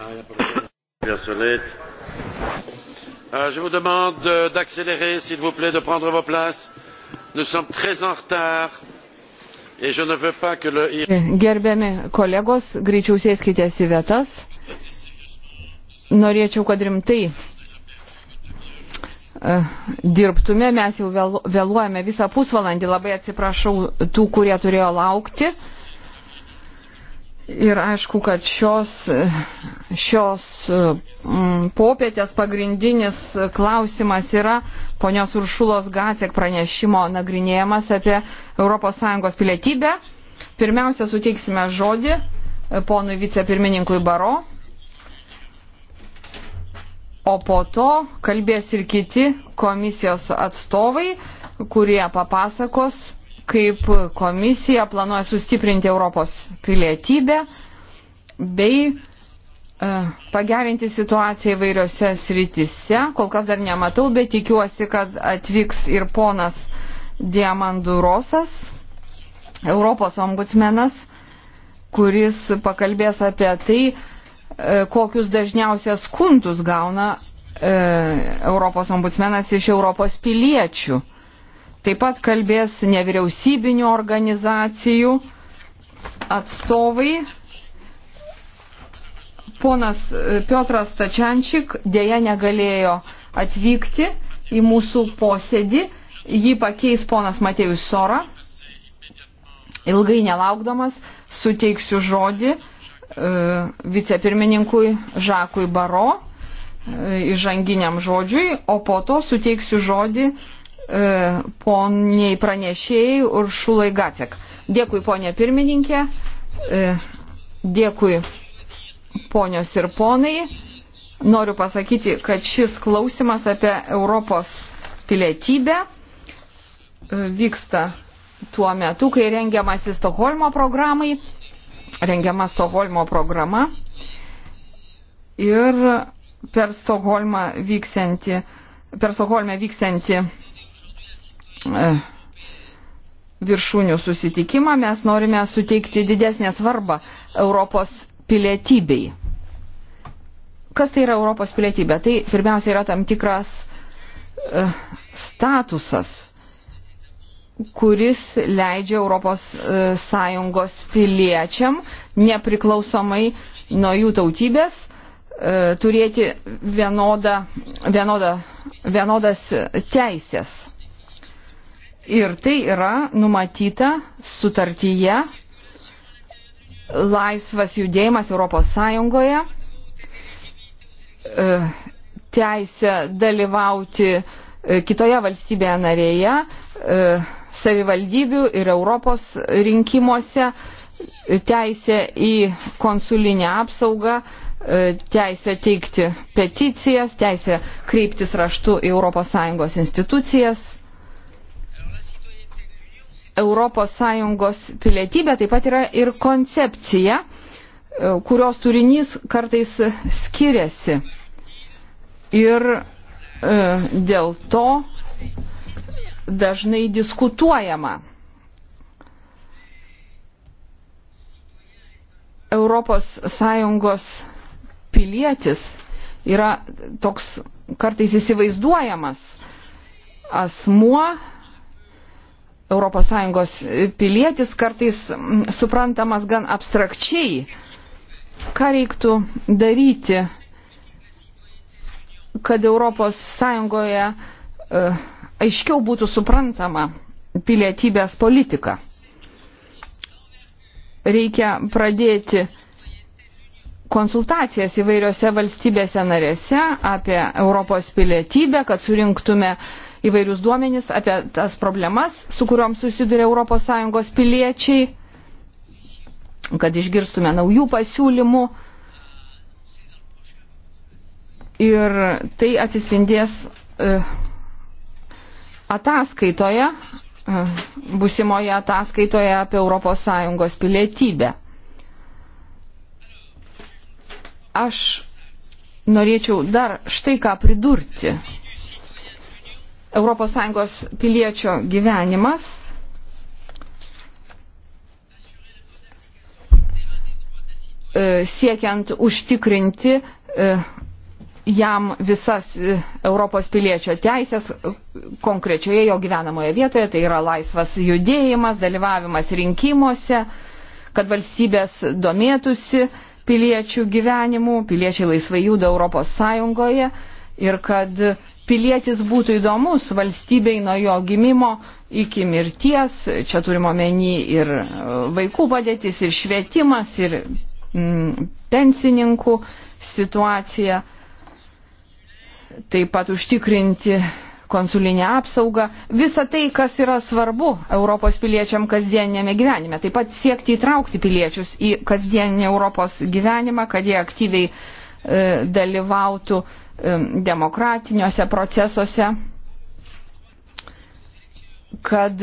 Euh, je vous demande d'accélérer s'il vous plaît de prendre vos places nous sommes très en retard et je ne veux pas que le. gerbiami kolegos greičiau sėskitės į vietas norėčiau kad rimtai e, dirbtume mes jau vėluojame visą pusvalandį labai atsiprašau tų kurie turėjo laukti. Ir aišku, kad šios, šios mm, popietės pagrindinis klausimas yra ponios Uršulos Gacek pranešimo nagrinėjimas apie ES pilietybę. Pirmiausia, suteiksime žodį ponui vicepirmininkui Baro, o po to kalbės ir kiti komisijos atstovai, kurie papasakos kaip komisija planuoja sustiprinti Europos pilietybę bei e, pagerinti situaciją įvairiose sritise. Kol kas dar nematau, bet tikiuosi, kad atvyks ir ponas Diamandurosas, Europos ombudsmenas, kuris pakalbės apie tai, e, kokius dažniausias skundus gauna e, Europos ombudsmenas iš Europos piliečių. Taip pat kalbės nevyriausybinių organizacijų atstovai. Ponas e, Piotras Stačiančik dėja negalėjo atvykti į mūsų posėdį. Jį pakeis ponas Matėjus Sora. Ilgai nelaukdamas suteiksiu žodį e, vicepirmininkui Žakui Baro e, įžanginiam žodžiui, o po to suteiksiu žodį E, poniai pranešėjai Uršulai Gacek. Dėkui ponė pirmininkė, e, dėkui ponios ir ponai. Noriu pasakyti, kad šis klausimas apie Europos pilietybę e, vyksta tuo metu, kai rengiamasi Stoholmo programai, rengiama Stoholmo programa ir per Stokholmą vyksianti per Stokholme vyksianti E, viršūnių susitikimą mes norime suteikti didesnę svarbą Europos pilietybei. Kas tai yra Europos pilietybė? Tai pirmiausia yra tam tikras e, statusas, kuris leidžia Europos e, Sąjungos piliečiam nepriklausomai nuo jų tautybės turėti vienodą, vienodą, vienodas teisės. Ir tai yra numatyta sutartyje laisvas judėjimas Europos Sąjungoje, e, teisė dalyvauti e, kitoje valstybėje narėje, e, savivaldybių ir Europos rinkimuose, teisė į konsulinę apsaugą, teisė teikti peticijas, teisė kreiptis raštu į ES institucijas, ES pilietybė taip pat yra ir koncepcija, e, kurios turinys kartais skiriasi. Ir e, dėl to dažnai diskutuojama. ES pilietis yra toks kartais įsivaizduojamas asmuo, ES pilietis kartais mm, suprantamas gan abstrakčiai. Ką reiktų daryti, kad ES e, aiškiau būtų suprantama pilietybės politika? Reikia pradėti konsultacijas įvairiose valstybėse narėse apie Europos pilietybę, kad surinktume uh, įvairius duomenis apie tas problemas, su kuriuom susiduria ES piliečiai, kad išgirstume naujų pasiūlymų. Ir tai atsispindės e, ataskaitoje, e, busimoje ataskaitoje apie ES pilietybę. Aš norėčiau dar štai ką pridurti. ES piliečio gyvenimas. E, siekiant užtikrinti e, jam visas e, Europos piliečio teisės konkrečioje jo gyvenamoje vietoje, tai yra laisvas judėjimas, dalyvavimas rinkimuose, kad valstybės domėtųsi piliečių gyvenimu, piliečiai laisvai juda Europos Sąjungoje ir kad uh, pilietis būtų įdomus valstybei nuo jo gimimo iki mirties. Čia turime omeny ir e, vaikų padėtis, ir švietimas, ir mm, pensininkų situacija. Taip pat užtikrinti konsulinę apsaugą. Visa tai, kas yra svarbu Europos piliečiam kasdieninėme gyvenime. Taip pat siekti įtraukti piliečius į kasdieninį Europos gyvenimą, kad jie aktyviai e, dalyvautų e, demokratiniuose procesuose, kad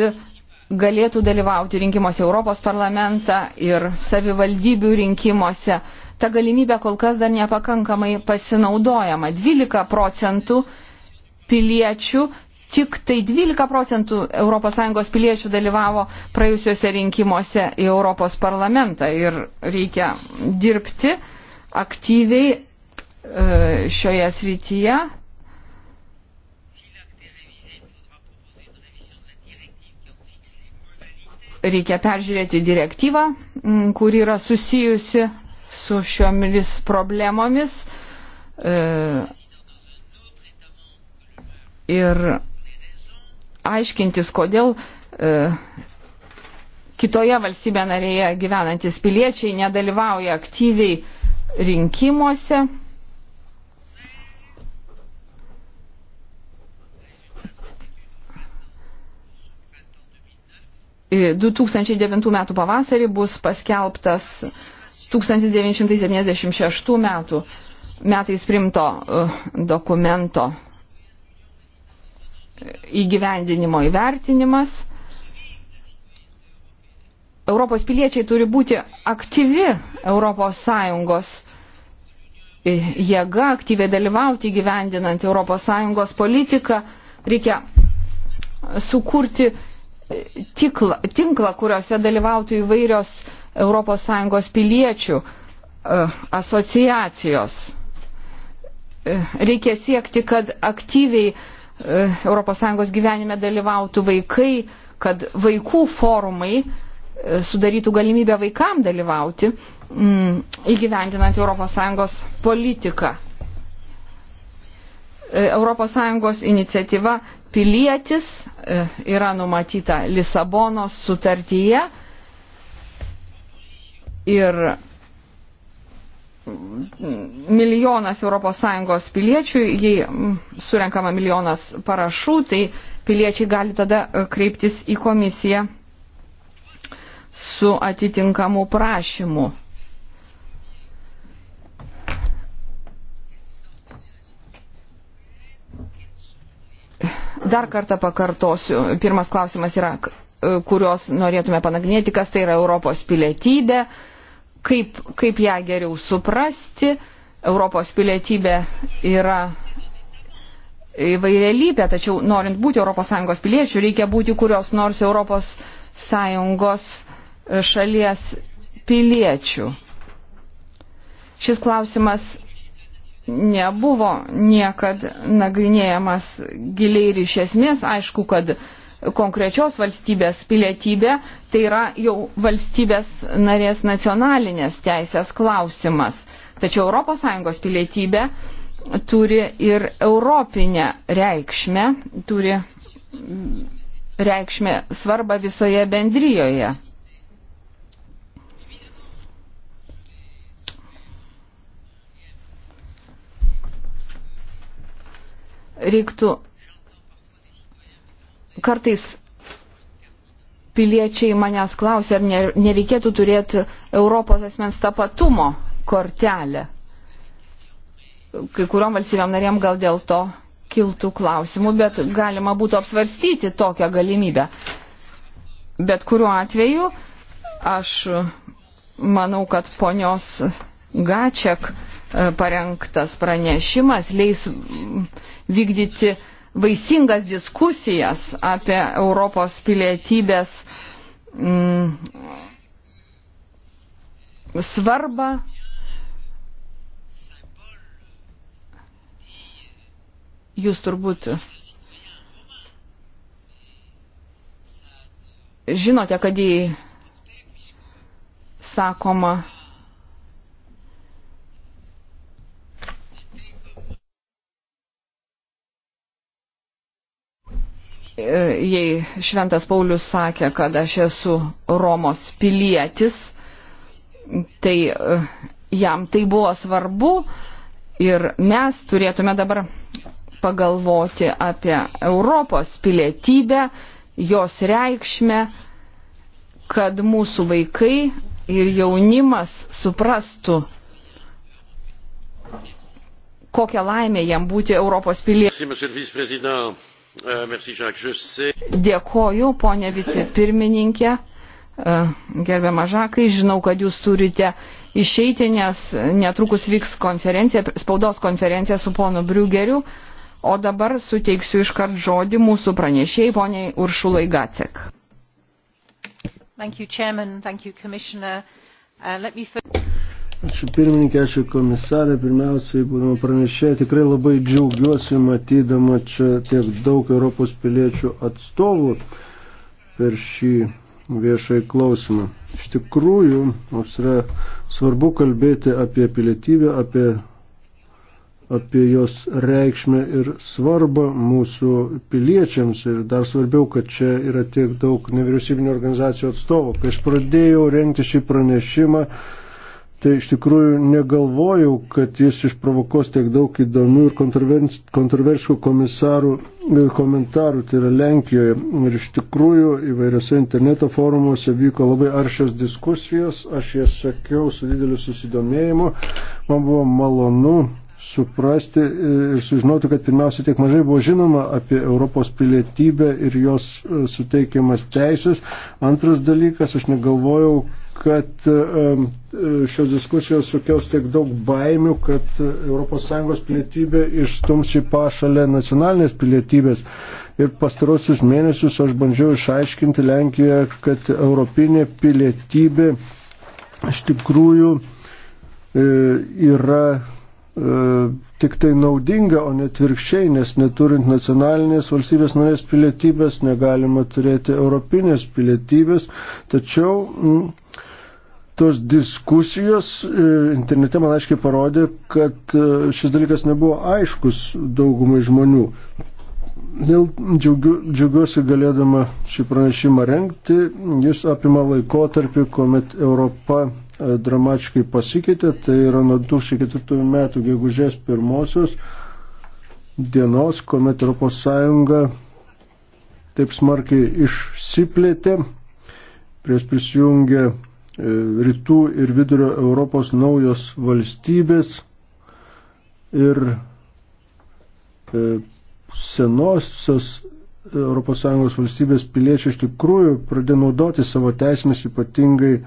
galėtų dalyvauti rinkimuose Europos parlamentą ir savivaldybių rinkimuose. Ta galimybė kol kas dar nepakankamai pasinaudojama. 12 procentų piliečių, tik tai 12 procentų ES piliečių dalyvavo praėjusiuose rinkimuose į Europos parlamentą ir reikia dirbti aktyviai E, šioje srityje. Reikia peržiūrėti direktyvą, kuri yra susijusi su šiomis problemomis. E, ir aiškintis, kodėl e, kitoje valstybė narėje gyvenantis piliečiai nedalyvauja aktyviai rinkimuose. 2009 metų pavasarį bus paskelbtas 1976 metų metais primto uh, dokumento įgyvendinimo įvertinimas. Europos piliečiai turi būti aktyvi Europos Sąjungos e, jėga, aktyviai dalyvauti įgyvendinant Europos Sąjungos politiką. Reikia sukurti tiklą, tinklą, kuriuose dalyvautų įvairios ES piliečių e, asociacijos. E, reikia siekti, kad aktyviai e, ES gyvenime dalyvautų vaikai, kad vaikų forumai sudarytų galimybę vaikam dalyvauti mm, įgyvendinant ES politiką. ES iniciatyva pilietis e, yra numatyta Lisabonos sutartyje ir milijonas ES piliečių, jei surenkama milijonas parašų, tai piliečiai gali tada e, kreiptis į komisiją su atitinkamu prašymu. Dar kartą pakartosiu. Pirmas klausimas yra, e, kurios norėtume panagrinėti, kas tai yra Europos pilietybė, kaip, kaip ją geriau suprasti. Europos pilietybė yra įvairialybė, tačiau norint būti ES piliečių, reikia būti kurios nors ES e, šalies piliečių. Šis klausimas nebuvo niekad nagrinėjamas giliai ir iš esmės. Aišku, kad konkrečios valstybės pilietybė tai yra jau valstybės narės nacionalinės teisės klausimas. Tačiau ES pilietybė turi ir europinę reikšmę, turi reikšmę svarbą visoje bendryjoje. reiktų kartais piliečiai manęs klausia, ar nereikėtų turėti Europos asmens tapatumo kortelę. Kai kuriuom valstybėm narėm gal dėl to kiltų klausimų, bet galima būtų apsvarstyti tokią galimybę. Bet kuriuo atveju aš manau, kad ponios Gačiak e, parengtas pranešimas leis vykdyti vaisingas diskusijas apie Europos pilietybės mm, svarbą. Jūs turbūt žinote, kad jį sakoma E, jei Šventas Paulius sakė, kad aš esu Romos pilietis, tai e, jam tai buvo svarbu ir mes turėtume dabar pagalvoti apie Europos pilietybę, jos reikšmę, kad mūsų vaikai ir jaunimas suprastų, kokią laimę jam būti Europos piliečiu. Euh, Dėkoju, ponė vicepirmininkė. E, gerbiama Žakai, žinau, kad jūs turite išeiti, nes netrukus vyks konferencija, spaudos konferencija su ponu Briugeriu. O dabar suteiksiu iškart žodį mūsų pranešėjai, poniai Uršulai Gacek. Thank you, Chairman. Thank you, Commissioner. Uh, let me... Ačiū pirmininkė, ačiū komisarė. Pirmiausiai, būdama pranešė, tikrai labai džiaugiuosi matydama čia tiek daug Europos piliečių atstovų per šį viešai klausimą. Iš tikrųjų, mums yra svarbu kalbėti apie pilietybę, apie, apie jos reikšmę ir svarbą mūsų piliečiams. Ir dar svarbiau, kad čia yra tiek daug nevyriausybinio organizacijų atstovų. Kai aš pradėjau renkti šį pranešimą, tai iš tikrųjų negalvojau, kad jis išprovokos tiek daug įdomių ir kontroversiškų komisarų ir e, komentarų, tai yra Lenkijoje. Ir iš tikrųjų įvairiose interneto forumuose vyko labai aršios diskusijos, aš jas sakiau su dideliu susidomėjimu, man buvo malonu suprasti e, ir sužinoti, kad pirmiausia tiek mažai buvo žinoma apie Europos pilietybę ir jos e, suteikiamas teisės. Antras dalykas, aš negalvojau, kad šios diskusijos sukels tiek daug baimių, kad ES pilietybė ištums į pašalę nacionalinės pilietybės. Ir pastarosius mėnesius aš bandžiau išaiškinti Lenkijoje, kad europinė pilietybė iš tikrųjų e, yra e, tik tai naudinga, o net virkščiai, nes neturint nacionalinės valstybės narės pilietybės negalima turėti europinės pilietybės. Tačiau mm, tos diskusijos e, internete man aiškiai parodė, kad e, šis dalykas nebuvo aiškus daugumai žmonių. Dėl džiaugiu, džiaugiuosi galėdama šį pranešimą renkti. Jis apima laikotarpį, kuomet Europa e, dramatiškai pasikeitė. Tai yra nuo 2004 metų gegužės pirmosios dienos, kuomet Europos Sąjunga taip smarkiai išsiplėtė. Prieš prisijungė E, rytų ir vidurio Europos naujos valstybės ir e, senosios ES valstybės piliečiai iš tikrųjų pradėjo naudoti savo teismės ypatingai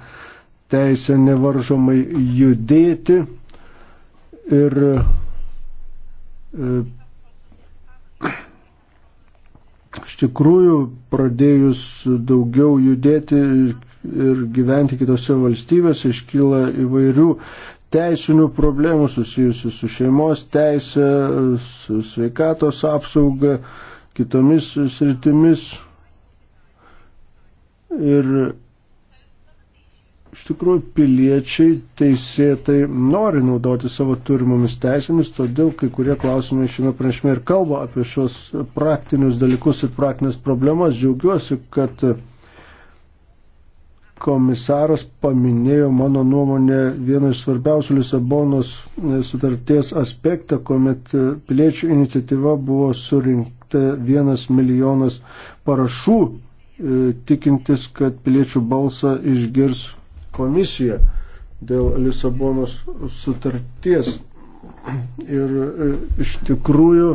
teisę nevaržomai judėti ir e, iš tikrųjų pradėjus daugiau judėti ir gyventi kitose valstybėse iškyla įvairių teisinių problemų susijusių su šeimos teisė, su sveikatos apsauga, kitomis sritimis. Ir iš tikrųjų piliečiai teisėtai nori naudoti savo turimomis teisėmis, todėl kai kurie klausimai šiame pranešime ir kalba apie šios praktinius dalykus ir praktinės problemas. Džiaugiuosi, kad komisaras paminėjo mano nuomonė vieną iš svarbiausių Lisabonos sutarties aspektą, kuomet piliečių iniciatyva buvo surinkta vienas milijonas parašų e, tikintis, kad piliečių balsą išgirs komisija dėl Lisabonos sutarties. Ir e, iš tikrųjų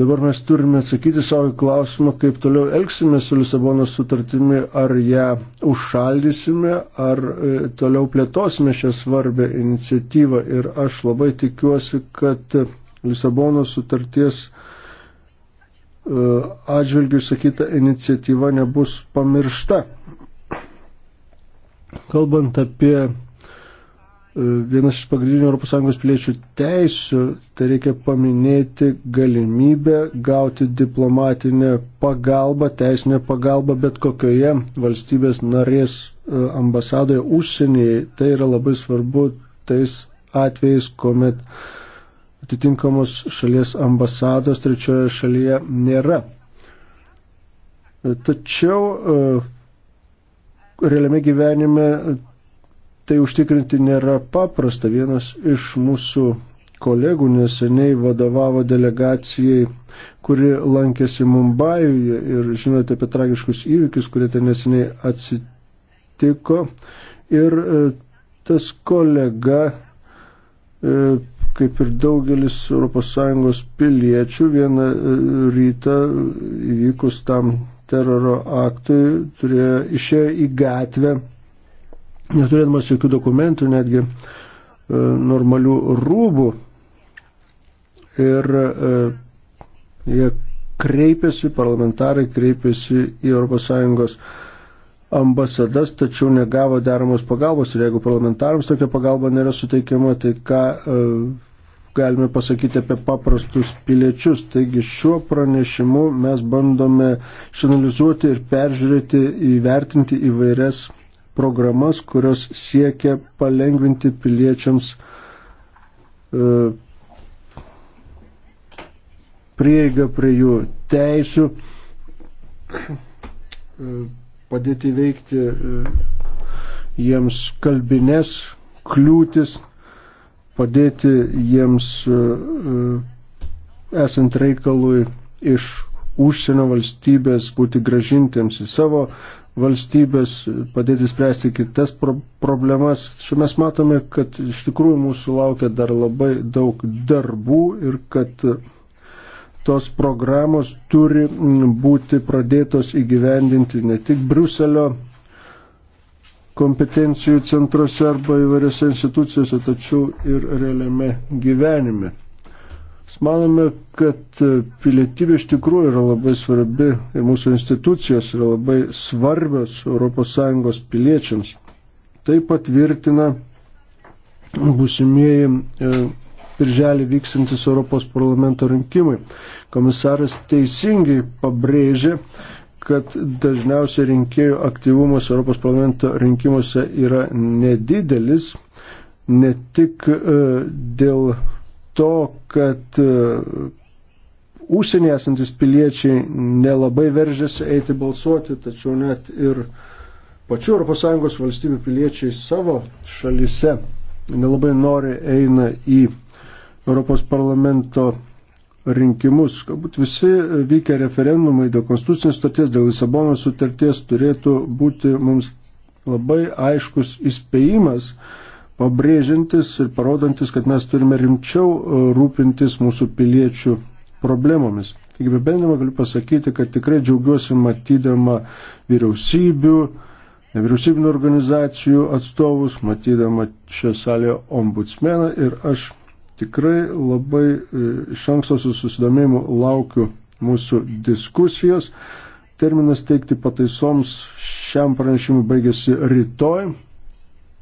dabar mes turime atsakyti savo klausimą, kaip toliau elgsime su Lisabonos sutartimi, ar ją užšaldysime, ar e, toliau plėtosime šią svarbę iniciatyvą. Ir aš labai tikiuosi, kad Lisabonos sutarties e, atžvilgių sakyta iniciatyva nebus pamiršta. Kalbant apie e, vienas iš pagrindinių ES piliečių teisių, tai reikia paminėti galimybę gauti diplomatinę pagalbą, teisinę pagalbą bet kokioje valstybės narės e, ambasadoje užsienyje. Tai yra labai svarbu tais atvejais, kuomet atitinkamos šalies ambasados trečioje šalyje nėra. E, tačiau realiame gyvenime tai užtikrinti nėra paprasta. Vienas iš mūsų kolegų neseniai vadovavo delegacijai, kuri lankėsi Mumbajuje ir žinote apie tragiškus įvykius, kurie ten neseniai atsitiko. Ir e, tas kolega, e, kaip ir daugelis ES piliečių, vieną e, rytą įvykus tam teroro aktui turėjo išėjo į gatvę, neturėdamas jokių dokumentų, netgi e, normalių rūbų. Ir e, jie kreipėsi, parlamentarai kreipėsi į ES ambasadas, tačiau negavo deramos pagalbos. Ir jeigu parlamentarams tokia pagalba nėra suteikiama, tai ką e, galime pasakyti apie paprastus piliečius. Taigi šiuo pranešimu mes bandome išanalizuoti ir peržiūrėti, įvertinti įvairias programas, kurios siekia palengvinti piliečiams e, prieigą prie jų teisių, e, padėti veikti e, jiems kalbinės kliūtis padėti jiems e, e, esant reikalui iš užsienio valstybės būti gražintiems į savo valstybės, padėti spręsti kitas pro problemas. Šiuo mes matome, kad iš tikrųjų mūsų laukia dar labai daug darbų ir kad tos programos turi būti pradėtos įgyvendinti ne tik Briuselio kompetencijų centruose arba įvairiose institucijose, tačiau ir realiame gyvenime. Manome, kad pilietybė iš tikrųjų yra labai svarbi ir mūsų institucijos yra labai svarbios ES piliečiams. Tai patvirtina būsimieji e, birželį vyksantis Europos parlamento rinkimai. Komisaras teisingai pabrėžė, kad dažniausiai rinkėjų aktyvumas Europos parlamento rinkimuose yra nedidelis, ne tik e, dėl to, kad e, užsienį esantis piliečiai nelabai veržiasi eiti balsuoti, tačiau net ir pačių ES valstybių piliečiai savo šalise nelabai nori eina į Europos parlamento rinkimus. Galbūt visi vykę referendumai dėl konstitucinės sutarties, dėl Lisabonos sutarties turėtų būti mums labai aiškus įspėjimas, pabrėžiantis ir parodantis, kad mes turime rimčiau e, rūpintis mūsų piliečių problemomis. Taigi bebendama galiu pasakyti, kad tikrai džiaugiuosi matydama vyriausybių, nevyriausybinio organizacijų atstovus, matydama šią salę ombudsmeną ir aš Tikrai labai e, iš anksto su susidomėjimu laukiu mūsų diskusijos. Terminas teikti pataisoms šiam pranešimui baigėsi rytoj.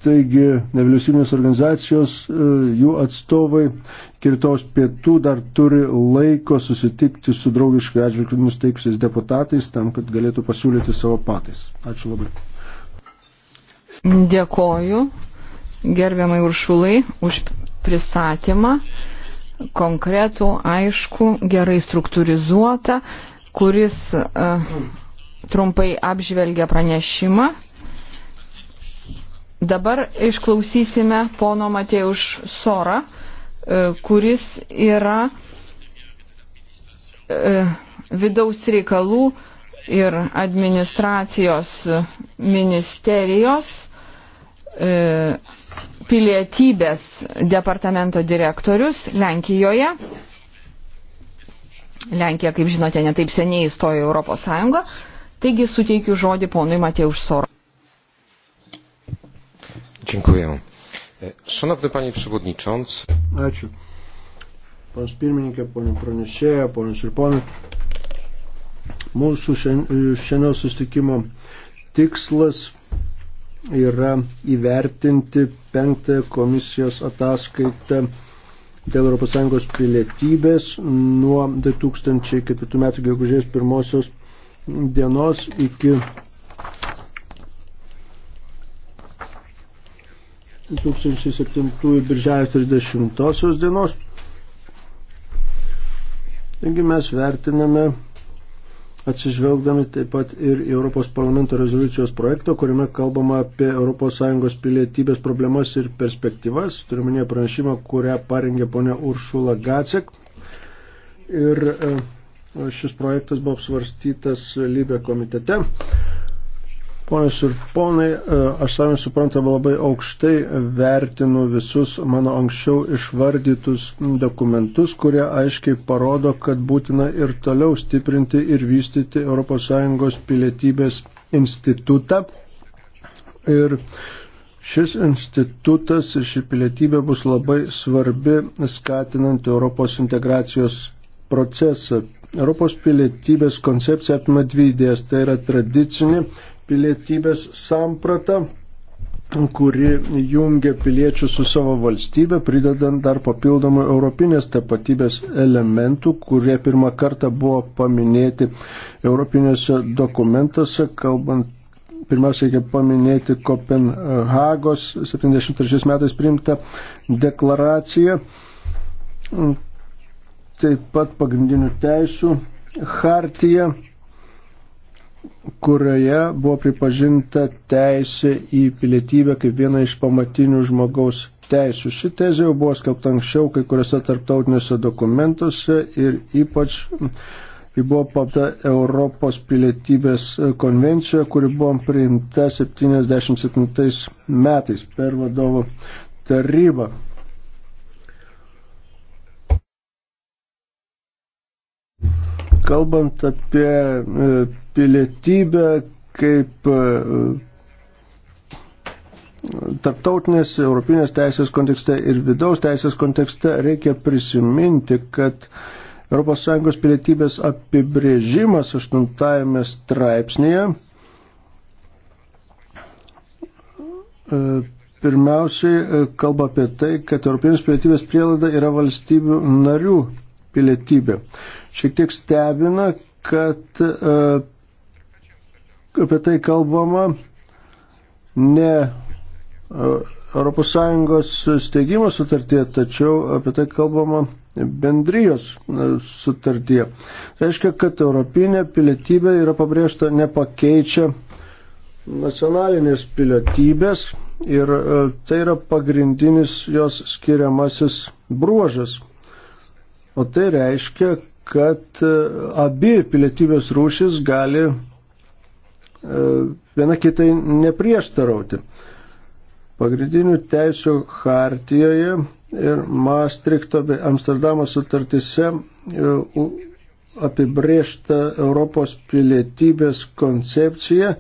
Taigi nevyriausybinės organizacijos, e, jų atstovai iki rytojus pietų dar turi laiko susitikti su draugiškai atžvilgiu nusteikusiais deputatais tam, kad galėtų pasiūlyti savo patais. Ačiū labai. Dėkoju gerbiamai Uršulai už pristatymą, konkretų, aišku, gerai struktūrizuotą, kuris uh, trumpai apžvelgia pranešimą. Dabar išklausysime pono Matėjuš Sorą, uh, e, kuris yra uh, vidaus reikalų ir administracijos ministerijos uh, pilietybės departamento direktorius Lenkijoje. Lenkija, kaip žinote, netaip seniai įstojo Europos Sąjungą. Taigi suteikiu žodį ponui Mateusz Soro. Dziękuję. Szanowny panie przewodniczący. Ačiū. Pons pirmininkė, ponė pranešėja, ponas ir ponai. Mūsų šiandien sustikimo tikslas yra įvertinti penktąją komisijos ataskaitą dėl ES pilietybės nuo 2004 metų gegužės pirmosios dienos iki 2007 birželio 30 dienos. Taigi mes vertiname atsižvelgdami taip pat ir į Europos parlamento rezoliucijos projektą, kuriame kalbama apie ES pilietybės problemas ir perspektyvas. Turime ne pranešimą, kurią parengė ponia Uršula Gacek. Ir e, šis projektas buvo apsvarstytas Lybė komitete. Ponios ir ponai, e, aš savim suprantama labai aukštai vertinu visus mano anksčiau išvardytus dokumentus, kurie aiškiai parodo, kad būtina ir toliau stiprinti ir vystyti ES pilietybės institutą. Ir Šis institutas ir ši pilietybė bus labai svarbi skatinant Europos integracijos procesą. Europos pilietybės koncepcija apima dvi idėjas. Tai yra tradicinė pilietybės samprata, kuri jungia piliečius su savo valstybe, pridedant dar papildomų europinės tapatybės elementų, kurie pirmą kartą buvo paminėti europinėse dokumentuose, kalbant pirmiausia, reikia paminėti Kopenhagos 73 metais priimtą deklaraciją, taip pat pagrindinių teisų hartiją kurioje buvo pripažinta teisė į pilietybę kaip viena iš pamatinių žmogaus teisų. Ši tezė jau buvo skelbta anksčiau kai kuriuose tarptautiniuose dokumentuose ir ypač ji buvo papta Europos pilietybės konvencija, kuri buvo priimta 77 metais per vadovų tarybą. Kalbant apie e, pilietybę kaip e, tarptautinės europinės teisės kontekste ir vidaus teisės kontekste reikia prisiminti, kad ES pilietybės apibrėžimas 8 straipsnėje e, pirmiausiai e, kalba apie tai, kad europinės pilietybės prielaida yra valstybių narių pilietybė. Šiek tiek stebina, kad apie tai kalbama ne ES steigimo sutartie, tačiau apie tai kalbama bendrijos e, sutartie. Tai reiškia, kad europinė pilietybė yra pabrėžta nepakeičia nacionalinės pilietybės ir e, tai yra pagrindinis jos skiriamasis bruožas. O tai reiškia, kad e, abi pilietybės rūšis gali E, viena kitai neprieštarauti. Pagrindinių teisų hartijoje ir Maastrichto bei Amsterdamo sutartise e, apibriešta Europos pilietybės koncepcija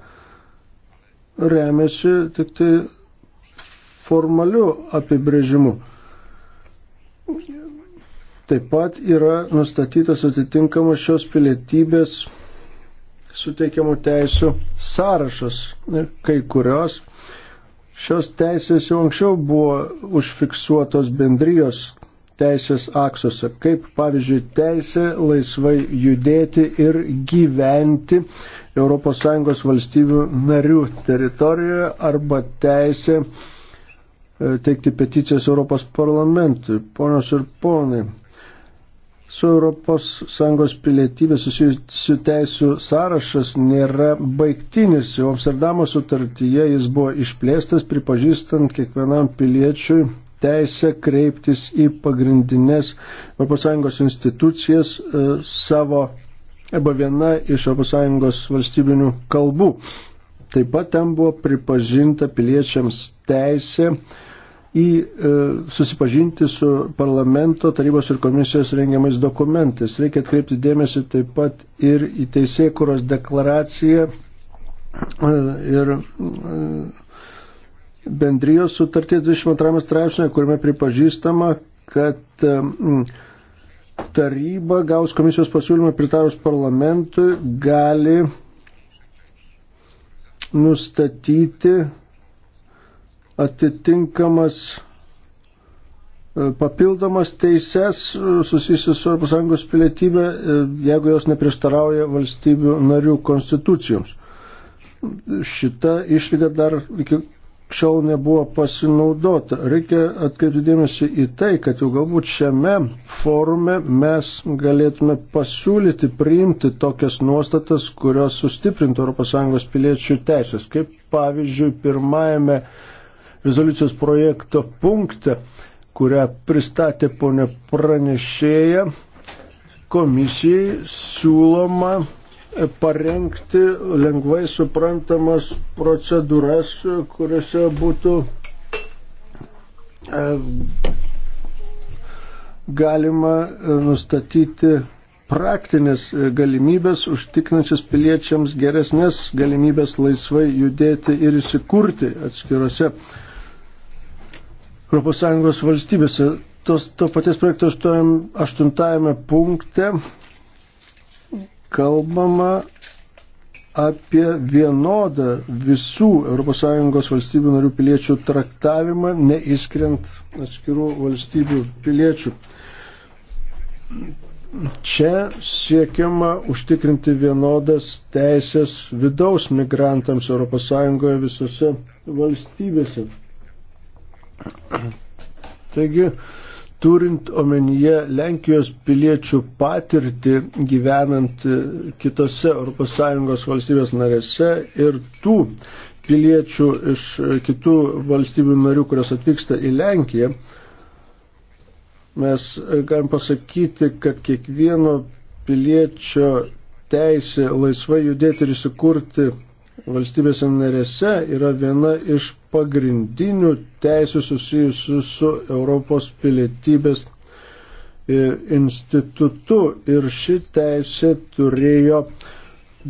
remiasi tik tai formaliu apibrėžimu. Taip pat yra nustatytas atitinkamas šios pilietybės suteikiamų teisų sąrašas. Kai kurios šios teisės jau anksčiau buvo užfiksuotos bendrijos teisės aksuose, kaip pavyzdžiui teisė laisvai judėti ir gyventi ES valstybių narių teritorijoje arba teisė e, teikti peticijas Europos parlamentui. Ponios ir ponai, su ES pilietybė susijusių teisų sąrašas nėra baigtinis. Jau Amsterdamo sutartyje jis buvo išplėstas, pripažįstant kiekvienam piliečiui teisę kreiptis į pagrindinės ES institucijas e, savo arba viena iš ES valstybinių kalbų. Taip pat ten buvo pripažinta piliečiams teisė į e, susipažinti su parlamento tarybos ir komisijos rengiamais dokumentais. Reikia atkreipti dėmesį taip pat ir į teisėkuros deklaraciją e, ir e, bendrijos sutarties 22 straipsnėje, kuriame pripažįstama, kad e, taryba gaus komisijos pasiūlymą pritarus parlamentui gali nustatyti atitinkamas e, papildomas teises e, susijusius su ES pilietybė, e, jeigu jos neprieštarauja valstybių narių konstitucijoms. Šita išlyga dar iki šiol nebuvo pasinaudota. Reikia atkreipti dėmesį į tai, kad jau galbūt šiame forume mes galėtume pasiūlyti priimti tokias nuostatas, kurios sustiprintų ES piliečių teisės. Kaip pavyzdžiui, pirmajame rezoliucijos projekto punktą, kurią pristatė ponė pranešėja, komisijai siūloma parengti lengvai suprantamas procedūras, kuriuose būtų e, galima e, nustatyti praktinės galimybės užtikrinančias piliečiams geresnės galimybės laisvai judėti ir įsikurti atskirose ES valstybėse. Tos, to paties projekto 8 punkte kalbama apie vienodą visų ES valstybių narių piliečių traktavimą, neįskriant atskirų valstybių piliečių. Čia siekiama užtikrinti vienodas teisės vidaus migrantams ES visose valstybėse. Taigi, turint omenyje Lenkijos piliečių patirtį gyvenant e, kitose ES valstybės narėse ir tų piliečių iš e, kitų valstybių narių, kurios atvyksta į Lenkiją, mes e, galim pasakyti, kad kiekvieno piliečio teisė laisvai judėti ir įsikurti valstybėse narėse yra viena iš pagrindinių teisų susijusių su Europos pilietybės e, institutu ir ši teisė turėjo uh,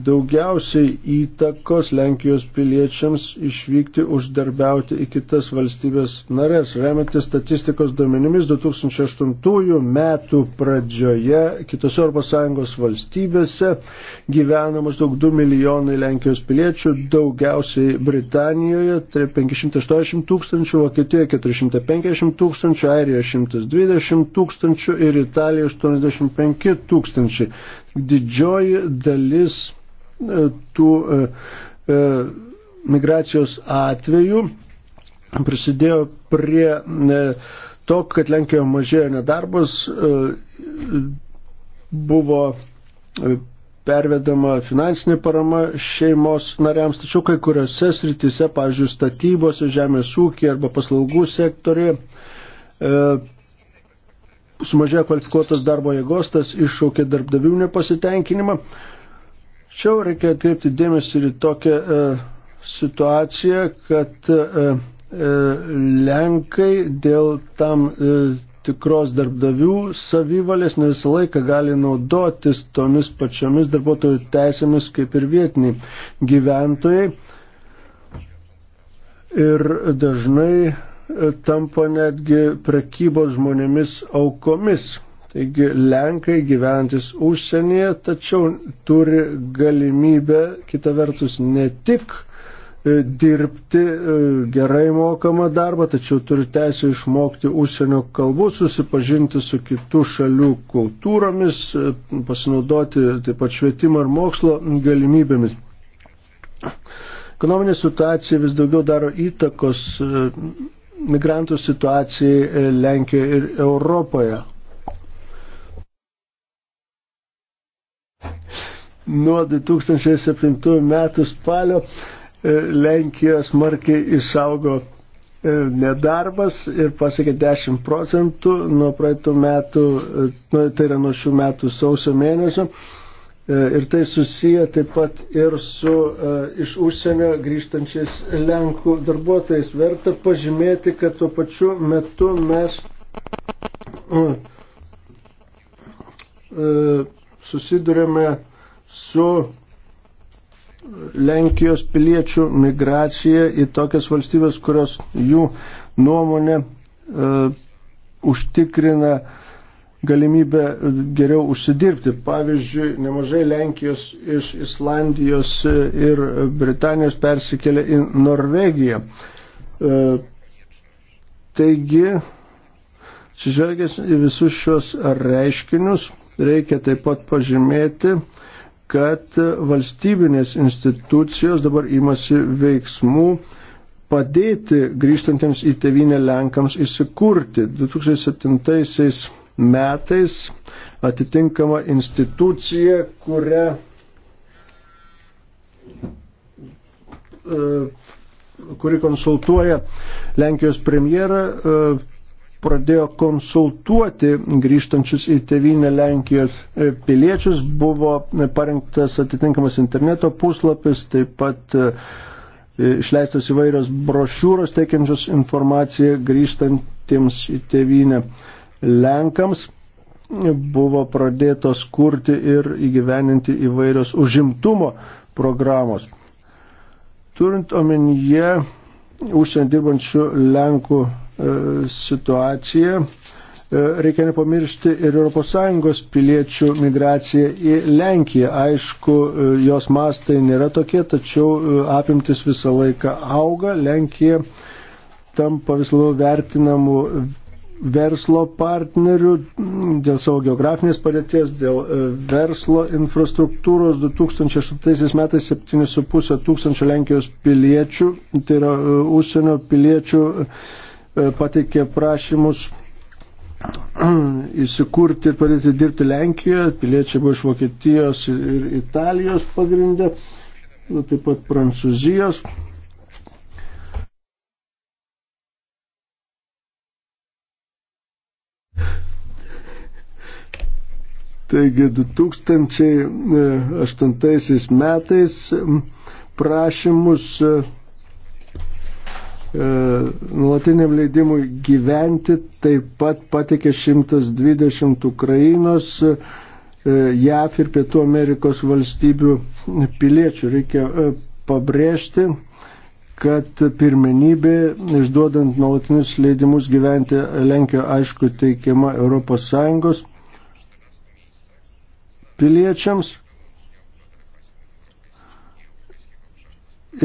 daugiausiai įtakos Lenkijos piliečiams išvykti uždarbiauti į kitas valstybės narės. Remiantis statistikos duomenimis 2008 metų pradžioje kitose ES valstybėse gyveno maždaug 2 milijonai Lenkijos piliečių, daugiausiai Britanijoje, tai 580 tūkstančių, Vokietijoje 450 tūkstančių, Airijoje 120 tūkstančių ir Italijoje 85 tūkstančiai. Didžioji dalis tų e, e, migracijos atvejų prisidėjo prie e, to, kad Lenkijoje mažėjo nedarbas, buvo pervedama finansinė parama šeimos nariams, tačiau kai kuriuose srityse, pavyzdžiui, statybose, žemės ūkį arba paslaugų sektorėje, sumažėjo kvalifikuotos darbo jėgos, tas iššaukė darbdavių nepasitenkinimą Čia reikia atkreipti dėmesį ir į tokią e, situaciją, kad e, e, Lenkai dėl tam e, tikros darbdavių savivalės ne visą laiką gali naudotis tomis pačiomis darbuotojų teisėmis kaip ir vietiniai gyventojai. Ir dažnai e, tampa netgi prekybos žmonėmis aukomis. Taigi Lenkai gyventis užsienyje, tačiau turi galimybę kitą vertus ne tik e, dirbti e, gerai mokamą darbą, tačiau turi teisę išmokti užsienio kalbų, susipažinti su kitų šalių kultūromis, e, pasinaudoti taip pat švietimo ir mokslo galimybėmis. Ekonominė situacija vis daugiau daro įtakos migrantų situacijai Lenkijoje ir Europoje. Nuo 2007 metų spalio e, Lenkijoje smarkiai išaugo e, nedarbas ir pasiekė 10 procentų nuo praeitų metų, e, nu, tai yra nuo šių metų sausio mėnesio. Ir tai susiję taip pat ir su uh, iš užsienio grįžtančiais Lenkų darbuotojais. Verta pažymėti, kad tuo pačiu metu mes uh, uh, susidurėme su Lenkijos piliečių migracija į tokias valstybės, kurios jų nuomonė e, užtikrina galimybę geriau užsidirbti. Pavyzdžiui, nemažai Lenkijos iš Islandijos ir Britanijos persikėlė į Norvegiją. E, taigi, atsižvelgęs į visus šios reiškinius, Reikia taip pat pažymėti, kad valstybinės institucijos dabar imasi veiksmų padėti grįžtantiems į tevinę Lenkams įsikurti. 2007 metais atitinkama institucija, kurią e, kuri konsultuoja Lenkijos premjerą, e, pradėjo konsultuoti grįžtančius į tevinę Lenkijos e, piliečius. Buvo parengtas atitinkamas interneto puslapis, taip pat e, išleistos įvairios brošiūros teikiančios informaciją grįžtantiems į tevinę Lenkams. Buvo pradėtos kurti ir įgyveninti įvairios užimtumo programos. Turint omenyje užsienio dirbančių Lenkų situaciją. E, reikia nepamiršti ir ES piliečių migraciją į Lenkiją. Aišku, e, jos mastai nėra tokie, tačiau e, apimtis visą laiką auga. Lenkija tampa vis labiau vertinamu verslo partnerių dėl savo geografinės padėties, dėl verslo infrastruktūros 2008 metais 7,5 tūkstančio Lenkijos piliečių, tai yra užsienio piliečių E, pateikė prašymus įsikurti ir padėti dirbti Lenkijoje, piliečiai buvo iš Vokietijos ir Italijos pagrindė, taip pat Prancūzijos. Taigi 2008 metais prašymus e, E, nuolatiniam leidimui gyventi taip pat patikė 120 Ukrainos, e, JAF ir Pietų Amerikos valstybių piliečių. Reikia e, pabrėžti, kad pirmenybė išduodant nuolatinius leidimus gyventi Lenkijoje aišku teikiama ES piliečiams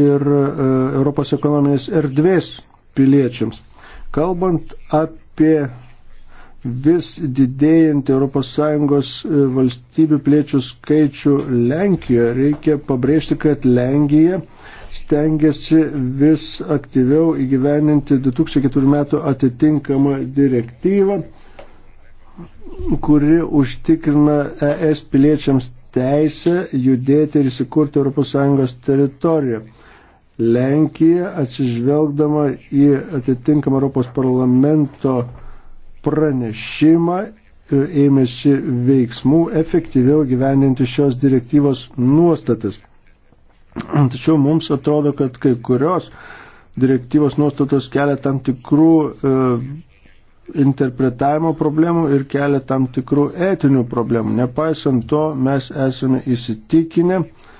ir e, Europos ekonominės erdvės piliečiams. Kalbant apie vis didėjant ES e, valstybių plėčių skaičių Lenkijoje, reikia pabrėžti, kad Lenkija stengiasi vis aktyviau įgyveninti 2004 metų atitinkamą direktyvą, kuri užtikrina ES piliečiams teisę judėti ir įsikurti ES teritorijoje. Lenkija atsižvelgdama į atitinkamą Europos parlamento pranešimą e, ėmėsi veiksmų efektyviau gyveninti šios direktyvos nuostatas. Tačiau mums atrodo, kad kai kurios direktyvos nuostatos kelia tam tikrų e, interpretavimo problemų ir kelia tam tikrų etinių problemų. Nepaisant to, mes esame įsitikinę, e,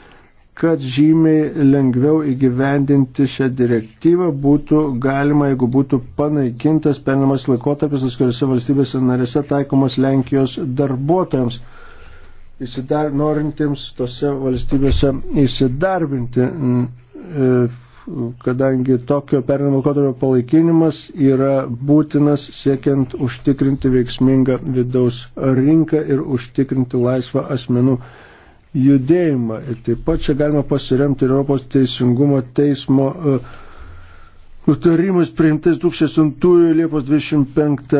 kad žymiai lengviau įgyvendinti šią direktyvą būtų galima, jeigu būtų panaikintas perinamas laikotarpis atskirose valstybėse narėse taikomas Lenkijos darbuotojams, įsidar, norintiems tose valstybėse įsidarbinti, e, kadangi tokio perinamo laikotarpio palaikinimas yra būtinas siekiant užtikrinti veiksmingą vidaus rinką ir užtikrinti laisvą asmenų judėjimą. Ir taip pat čia galima pasiremti Europos teisingumo teismo e, nutarimas priimtas 2008 Liepos 25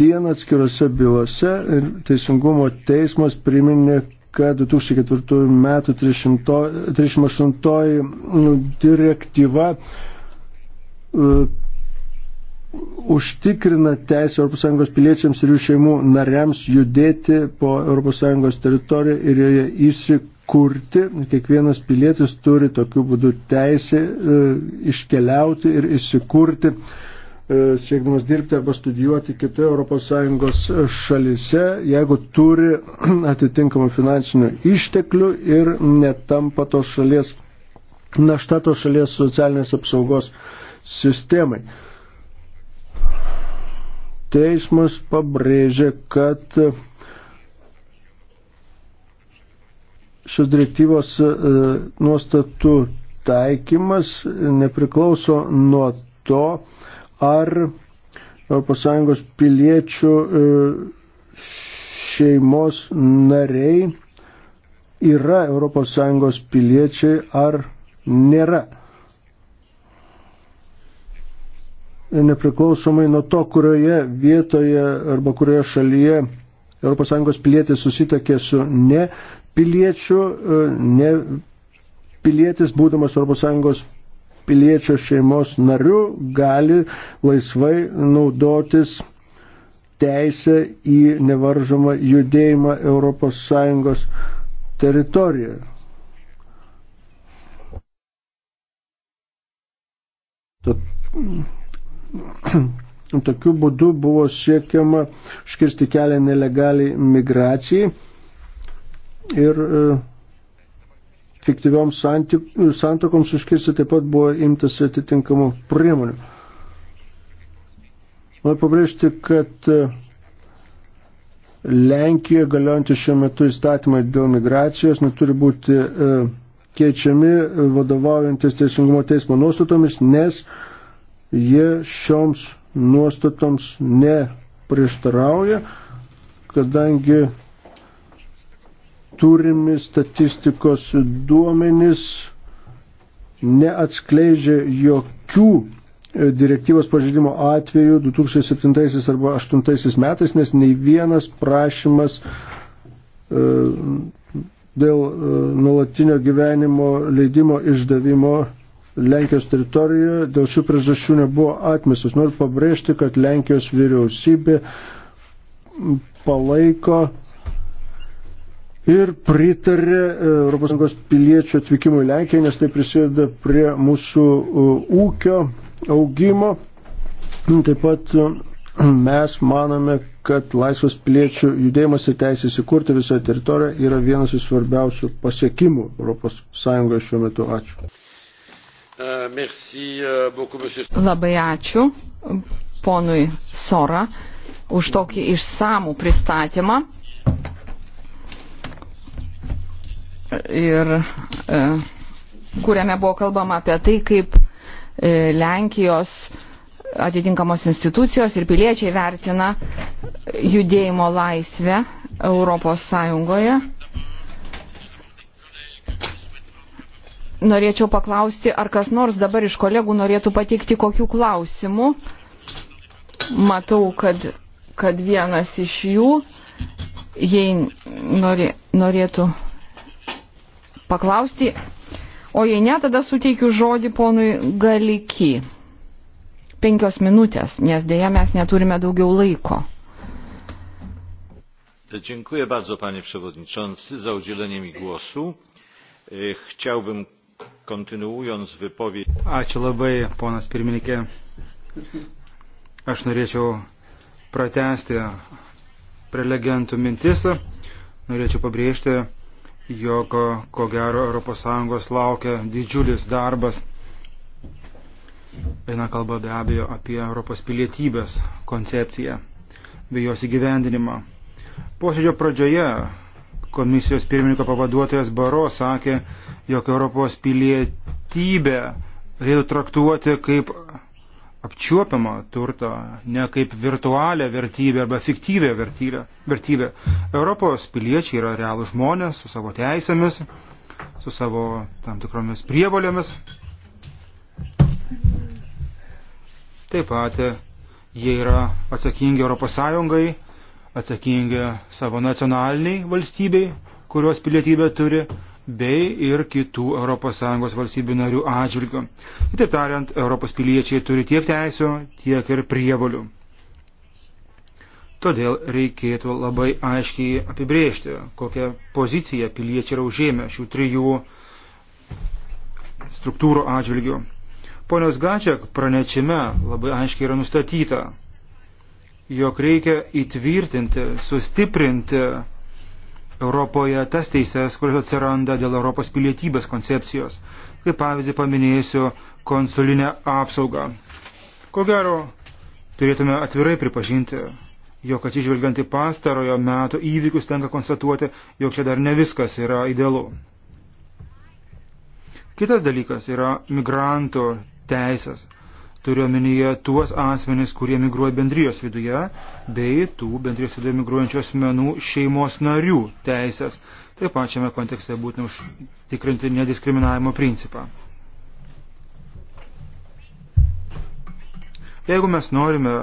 dieną atskirose bylose. Ir teisingumo teismas priminė, kad 2004 metų 300, 308 nu, direktyva e, užtikrina teisę ES piliečiams ir jų šeimų nariams judėti po ES teritoriją ir joje įsikurti. Kiekvienas pilietis turi tokiu būdu teisę e, iškeliauti ir įsikurti, e, siekdamas dirbti arba studijuoti kitoje ES šalise, jeigu turi atitinkamą finansinių išteklių ir netampa tos šalies našta tos šalies socialinės apsaugos sistemai teismas pabrėžė, kad šios direktyvos e, nuostatų taikymas nepriklauso nuo to, ar ES piliečių e, šeimos nariai yra ES piliečiai ar nėra. nepriklausomai nuo to, kurioje vietoje arba kurioje šalyje ES pilietis susitakė su ne piliečiu, e, ne pilietis, būdamas ES piliečio šeimos nariu, gali laisvai naudotis teisę į nevaržomą judėjimą ES teritorijoje. Tad Tokiu būdu buvo siekiama škirsti kelią nelegaliai migracijai ir e, fiktyvioms santokoms užkirsti taip pat buvo imtas atitinkamų priemonių. Noriu pabrėžti, kad e, Lenkijoje galiojantys šiuo metu įstatymai dėl migracijos neturi būti e, keičiami vadovaujantis teisingumo teismo nuostatomis, nes jie šioms nuostatoms neprieštarauja, kadangi turimi statistikos duomenys neatskleidžia jokių e, direktyvos pažeidimo atveju 2007 arba 2008 metais, nes nei vienas prašymas e, dėl e, nulatinio gyvenimo leidimo išdavimo Lenkijos teritorijoje dėl šių priežasčių nebuvo atmestas. Noriu pabrėžti, kad Lenkijos vyriausybė palaiko ir pritarė ES piliečių atvykimui į Lenkiją, nes tai prisideda prie mūsų e, ūkio augimo. Taip pat e, mes manome, kad laisvas piliečių judėjimas ir teisė įsikurti visoje teritorijoje yra vienas iš svarbiausių pasiekimų ES šiuo metu. Ačiū. Euh, euh, Labai ačiū ponui Sora už tokį išsamų pristatymą. Ir e, kuriame buvo kalbama apie tai, kaip e, Lenkijos atitinkamos institucijos ir piliečiai vertina judėjimo laisvę Europos Sąjungoje. norėčiau paklausti, ar kas nors dabar iš kolegų norėtų pateikti kokių klausimų. Matau, kad, kad vienas iš jų, jei norė, norėtų paklausti, o jei ne, tada suteikiu žodį ponui Galiki. Penkios minutės, nes dėja mes neturime daugiau laiko. Dziękuję bardzo, panie przewodniczący, za udzielenie mi głosu. E, chciałbym kontinuuojant vypovį. Ačiū labai, ponas pirmininkė. Aš norėčiau pratesti prelegentų mintis. Norėčiau pabrėžti, jog ko gero ES laukia didžiulis darbas. Eina kalba be abejo apie Europos pilietybės koncepciją bei jos įgyvendinimą. Posėdžio pradžioje komisijos pirmininko pavaduotojas Baro sakė, jog Europos pilietybę reikėtų traktuoti kaip apčiuopiamą turtą, ne kaip virtualią vertybę arba fiktyvę vertybę. vertybę. Europos piliečiai yra realų žmonės su savo teisėmis, su savo tam tikromis prievolėmis. Taip pat jie yra atsakingi Europos Sąjungai atsakingi savo nacionaliniai valstybei, kurios pilietybę turi, bei ir kitų ES valstybių narių atžvilgių. Kitaip tariant, Europos piliečiai turi tiek teisų, tiek ir prievolių. Todėl reikėtų labai aiškiai apibrėžti, kokią poziciją piliečiai yra užėmę šių trijų struktūrų atžvilgių. Ponios Gačiak pranešime labai aiškiai yra nustatyta, jog reikia įtvirtinti, sustiprinti Europoje tas teises, kurios atsiranda dėl Europos pilietybės koncepcijos. Kaip pavyzdį paminėsiu konsulinę apsaugą. Ko gero, turėtume atvirai pripažinti, jog atsižvelgiant į pastarojo metų įvykius tenka konstatuoti, jog čia dar ne viskas yra idealu. Kitas dalykas yra migrantų teisės turiuomenyje tuos asmenys, kurie migruoja bendrijos viduje, bei tų bendrijos viduje migruojančių asmenų šeimos narių teisės. Taip pat šiame kontekste būtina užtikrinti nediskriminavimo principą. Jeigu mes norime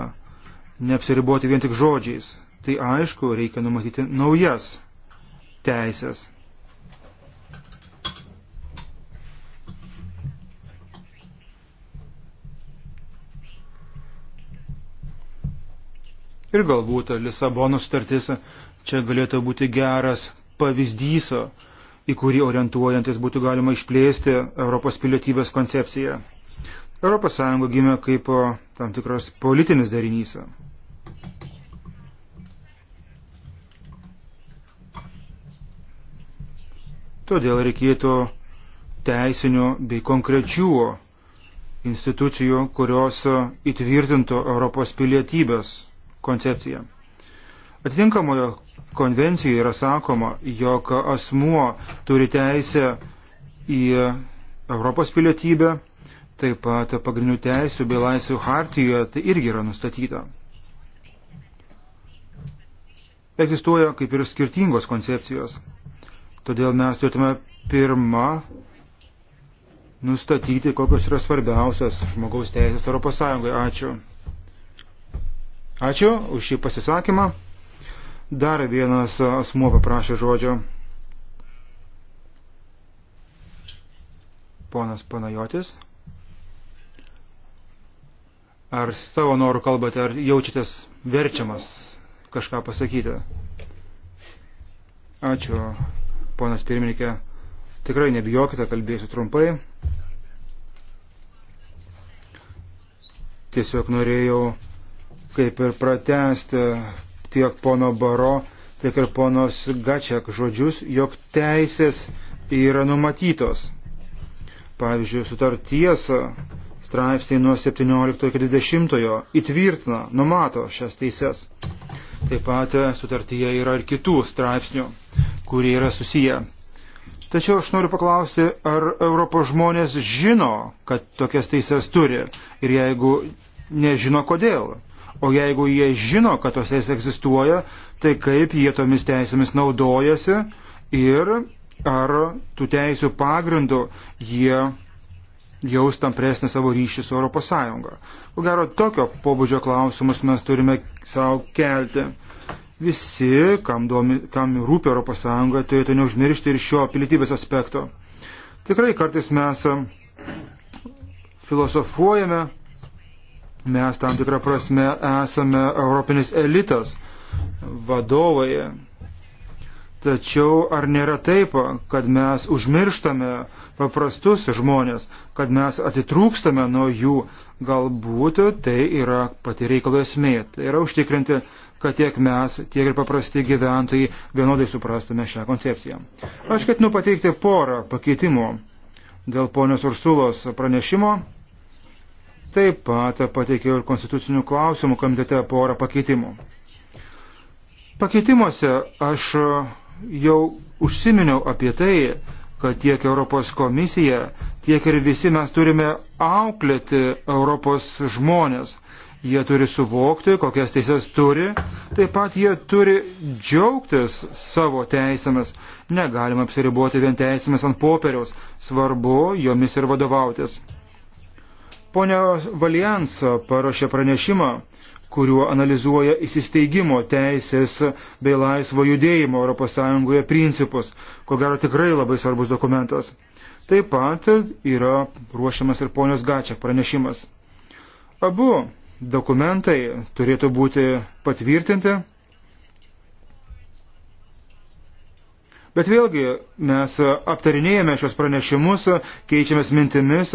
neapsiriboti vien tik žodžiais, tai aišku, reikia numatyti naujas teisės. Ir galbūt Lisabono sutartis čia galėtų būti geras pavyzdys, į kurį orientuojantis būtų galima išplėsti Europos pilietybės koncepciją. ES gimė kaip tam tikras politinis darinys. Todėl reikėtų teisinių bei konkrečių institucijų, kurios įtvirtintų Europos pilietybės koncepciją. Atitinkamojo konvencijoje yra sakoma, jog asmuo turi teisę į Europos pilietybę, taip pat pagrindinių teisų bei laisvių hartijoje tai irgi yra nustatyta. Egzistuoja kaip ir skirtingos koncepcijos. Todėl mes turėtume pirmą nustatyti, kokios yra svarbiausios žmogaus teisės Europos Sąjungoje. Ačiū. Ačiū už šį pasisakymą. Dar vienas asmuo paprašė žodžio. Ponas Panajotis. Ar savo norų kalbate, ar jaučiatės verčiamas kažką pasakyti? Ačiū, ponas pirmininkė. Tikrai nebijokite, kalbėsiu trumpai. Tiesiog norėjau kaip ir pratesti tiek pono Baro, tiek ir ponos Gačiak žodžius, jog teisės yra numatytos. Pavyzdžiui, sutarties straipsniai nuo 17 iki 20 įtvirtina, numato šias teises. Taip pat sutartyje yra ir kitų straipsnių, kurie yra susiję. Tačiau aš noriu paklausti, ar Europos žmonės žino, kad tokias teises turi ir jeigu nežino kodėl. O jeigu jie žino, kad tos teisės egzistuoja, tai kaip jie tomis teisėmis naudojasi ir ar tų teisų pagrindų jie jaus tampresnį savo ryšį su Europos Sąjunga. Ko gero, tokio pobūdžio klausimus mes turime savo kelti. Visi, kam, domi, kam rūpi Europos Sąjunga, turėtų neužmiršti ir šio pilietybės aspekto. Tikrai kartais mes filosofuojame Mes tam tikrą prasme esame europinis elitas, vadovai. Tačiau ar nėra taip, kad mes užmirštame paprastus žmonės, kad mes atitrūkstame nuo jų? Galbūt tai yra pati reikalo esmė. Tai yra užtikrinti, kad tiek mes, tiek ir paprasti gyventojai vienodai suprastume šią koncepciją. Aš ketinu pateikti porą pakeitimų dėl ponios Ursulos pranešimo Taip pat pateikiau ir konstitucinių klausimų komitete porą pakeitimų. Pakeitimuose aš jau užsiminiau apie tai, kad tiek Europos komisija, tiek ir visi mes turime auklėti Europos žmonės. Jie turi suvokti, kokias teises turi, taip pat jie turi džiaugtis savo teisėmis. Negalima apsiriboti vien teisėmis ant popieriaus, svarbu jomis ir vadovautis. Pone Valijans paruošė pranešimą, kuriuo analizuoja įsisteigimo teisės bei laisvo judėjimo ES principus. Ko gero tikrai labai svarbus dokumentas. Taip pat yra ruošiamas ir ponios Gačiak pranešimas. Abu dokumentai turėtų būti patvirtinti Bet vėlgi mes aptarinėjame šios pranešimus, keičiamės mintimis,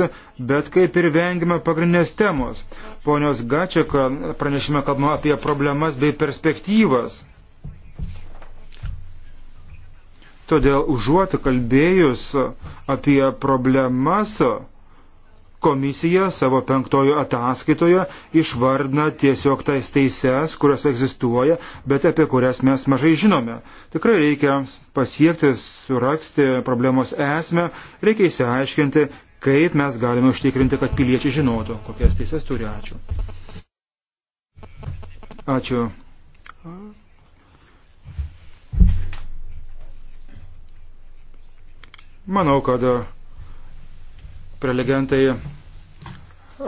bet kaip ir vengime pagrindinės temos. Ponios Gačiaka pranešime kalbama apie problemas bei perspektyvas. Todėl užuot kalbėjus apie problemas, Komisija savo penktojo ataskaitoje išvardina tiesiog tais teises, kurios egzistuoja, bet apie kurias mes mažai žinome. Tikrai reikia pasiekti, suraksti problemos esmę, reikia įsiaiškinti, kaip mes galime užtikrinti, kad piliečiai žinotų, kokias teises turi. Ačiū. Ačiū. Manau, kad prelegentai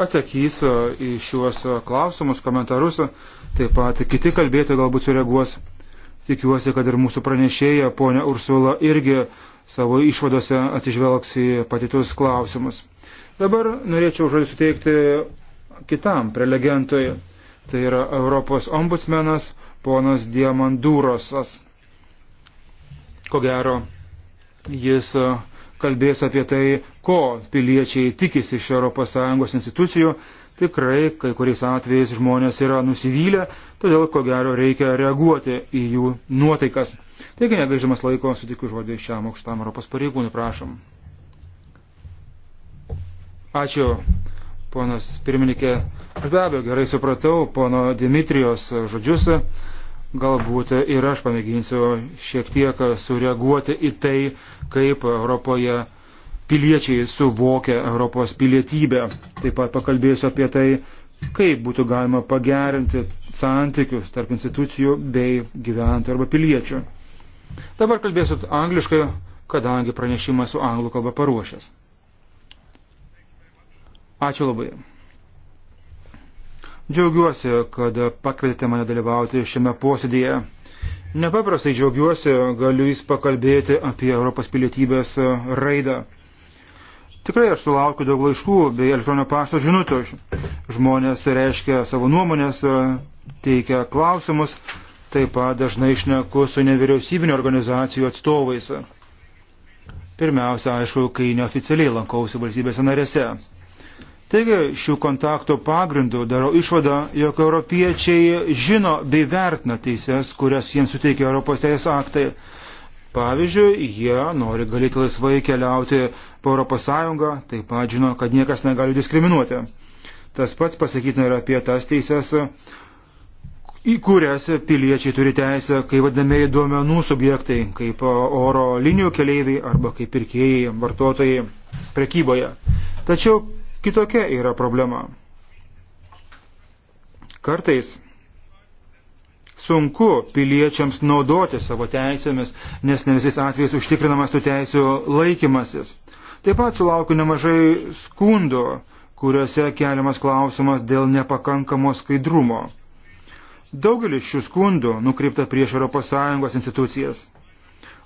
atsakys e, į šiuos e, klausimus, komentarus, taip pat kiti kalbėtojai galbūt sureaguos. Tikiuosi, kad ir mūsų pranešėja, ponia Ursula, irgi savo išvadose atsižvelgs į patytus klausimus. Dabar norėčiau žodį suteikti kitam prelegentui. Tai yra Europos ombudsmenas ponas Diamandūrosas. Ko gero, jis e, kalbės apie tai, ko piliečiai tikisi iš ES institucijų, tikrai kai kuriais atvejais žmonės yra nusivylę, todėl ko gero reikia reaguoti į jų nuotaikas. Taigi, negaiždamas laiko, sutikiu žodį šiam aukštam Europos pareigūnui, prašom. Ačiū, ponas pirmininkė. Be abejo, gerai supratau pono Dimitrijos žodžius. Galbūt ir aš pamėginsiu šiek tiek sureaguoti į tai, kaip Europoje piliečiai suvokia Europos pilietybę. Taip pat pakalbėsiu apie tai, kaip būtų galima pagerinti santykius tarp institucijų bei gyventojų arba piliečių. Dabar kalbėsiu angliškai, kadangi pranešimą su anglų kalba paruošęs. Ačiū labai. Džiaugiuosi, kad pakvietėte mane dalyvauti šiame posėdėje. Nepaprastai džiaugiuosi, galiu jis pakalbėti apie Europos pilietybės raidą. Tikrai aš sulaukiu daug laiškų bei elektroninio pašto žinutų. Žmonės reiškia savo nuomonės, teikia klausimus, taip pat dažnai išneku su nevyriausybinio organizacijų atstovais. Pirmiausia, aišku, kai neoficialiai lankausi valstybėse narėse. Taigi šių kontaktų pagrindų darau išvadą, jog europiečiai žino bei vertina teises, kurias jiems suteikia Europos teisės aktai. Pavyzdžiui, jie nori galėti laisvai keliauti po Europos Sąjungą, taip pat žino, kad niekas negali diskriminuoti. Tas pats pasakytina ir apie tas teises, į kurias piliečiai turi teisę, kai vadinamieji duomenų subjektai, kaip oro linijų keleiviai arba kaip pirkėjai, vartotojai prekyboje. Tačiau Kitokia yra problema. Kartais sunku piliečiams naudoti savo teisėmis, nes ne visais atvejais užtikrinamas tų teisių laikymasis. Taip pat sulaukiu nemažai skundų, kuriuose keliamas klausimas dėl nepakankamo skaidrumo. Daugelis šių skundų nukreipta prieš ES institucijas.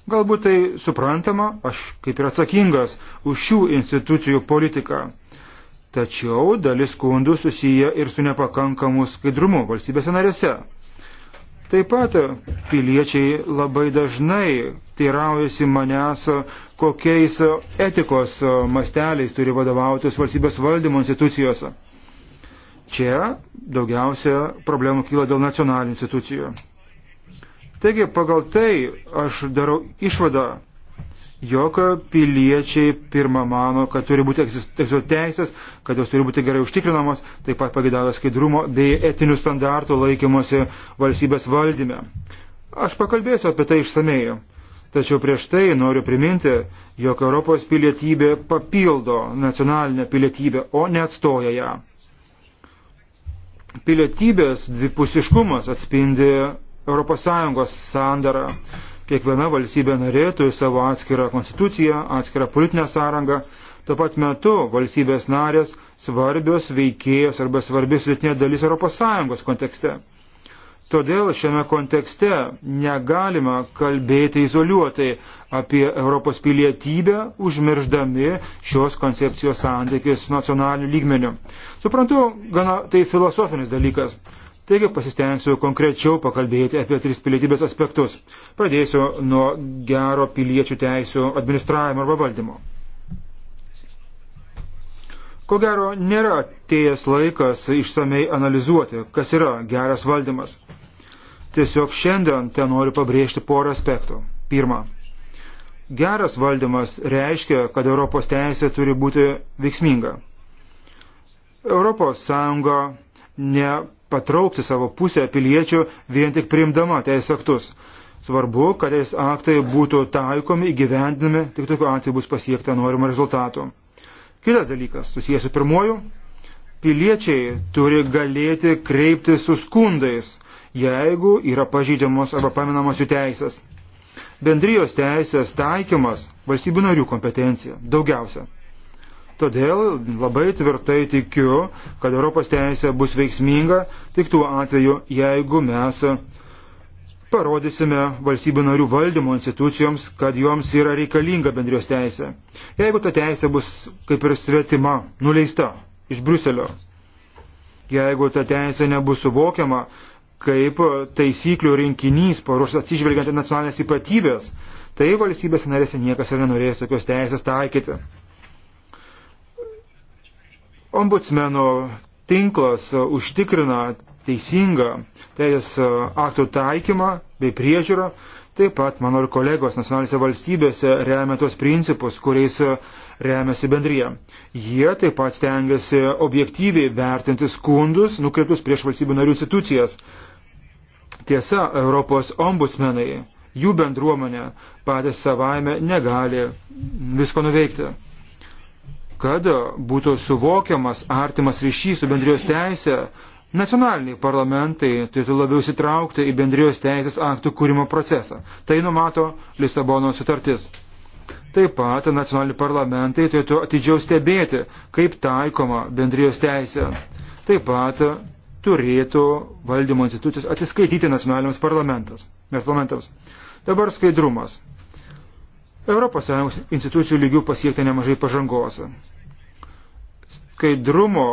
Galbūt tai suprantama, aš kaip ir atsakingas už šių institucijų politiką. Tačiau dalis skundų susiję ir su nepakankamu skaidrumu valstybėse narėse. Taip pat piliečiai labai dažnai teiraujasi manęs, kokiais etikos masteliais turi vadovautis valstybės valdymo institucijose. Čia daugiausia problemų kyla dėl nacionalinių institucijų. Taigi pagal tai aš darau išvadą, jog piliečiai pirmą mano, kad turi būti egzistuojančios teisės, kad jos turi būti gerai užtikrinamos, taip pat pagėdavę skaidrumo bei etinių standartų laikymosi valstybės valdyme. Aš pakalbėsiu apie tai išsamei. Tačiau prieš tai noriu priminti, jog Europos pilietybė papildo nacionalinę pilietybę, o ne atstoja ją. Pilietybės dvipusiškumas atspindi ES sandarą kiekviena valstybė narė turi savo atskirą konstituciją, atskirą politinę sąrangą. Tuo pat metu valstybės narės svarbios veikėjos arba svarbi sudėtinė dalis ES kontekste. Todėl šiame kontekste negalima kalbėti izoliuotai apie Europos pilietybę, užmirždami šios koncepcijos santykius nacionaliniu lygmeniu. Suprantu, gana tai filosofinis dalykas. Taigi pasistengsiu konkrečiau pakalbėti apie tris pilietybės aspektus. Pradėsiu nuo gero piliečių teisų administravimo arba valdymo. Ko gero, nėra atėjęs laikas išsamei analizuoti, kas yra geras valdymas. Tiesiog šiandien ten noriu pabrėžti porą aspektų. Pirma, geras valdymas reiškia, kad Europos teisė turi būti veiksminga. Europos Sąjunga ne patraukti savo pusę piliečių vien tik priimdama teisės aktus. Svarbu, kad teisės aktai būtų taikomi, įgyvendinami, tik tokiu atveju bus pasiekta norimo rezultato. Kitas dalykas, susijęs su pirmoju, piliečiai turi galėti kreiptis su skundais, jeigu yra pažydžiamos arba paminamos jų teisės. Bendrijos teisės taikymas valstybių narių kompetencija daugiausia. Todėl labai tvirtai tikiu, kad Europos teisė bus veiksminga tik tuo atveju, jeigu mes parodysime valstybių narių valdymo institucijoms, kad joms yra reikalinga bendrijos teisė. Jeigu ta teisė bus kaip ir svetima, nuleista iš Bruselio, jeigu ta teisė nebus suvokiama kaip taisyklių rinkinys, paruoštas atsižvelgiant į nacionalinės ypatybės, tai valstybės narėse niekas ir nenorės tokios teisės taikyti. Ombudsmeno tinklas e, užtikrina teisingą teisės e, aktų taikymą bei priežiūrą. Taip pat mano ir kolegos nacionalinėse valstybėse remia tos principus, kuriais e, remiasi bendryje. Jie taip pat stengiasi objektyviai vertinti skundus nukreiptus prieš valstybių narių institucijas. Tiesa, Europos ombudsmenai, jų bendruomenė patys savaime negali visko nuveikti kad būtų suvokiamas artimas ryšys su bendrijos teisė, nacionaliniai parlamentai turėtų labiau įsitraukti į bendrijos teisės aktų kūrimo procesą. Tai numato Lisabono sutartis. Taip pat nacionaliniai parlamentai turėtų atidžiau stebėti, kaip taikoma bendrijos teisė. Taip pat turėtų valdymo institucijos atsiskaityti nacionaliniams parlamentams. Dabar skaidrumas. ES institucijų lygių pasiekta nemažai pažangos. Skaidrumo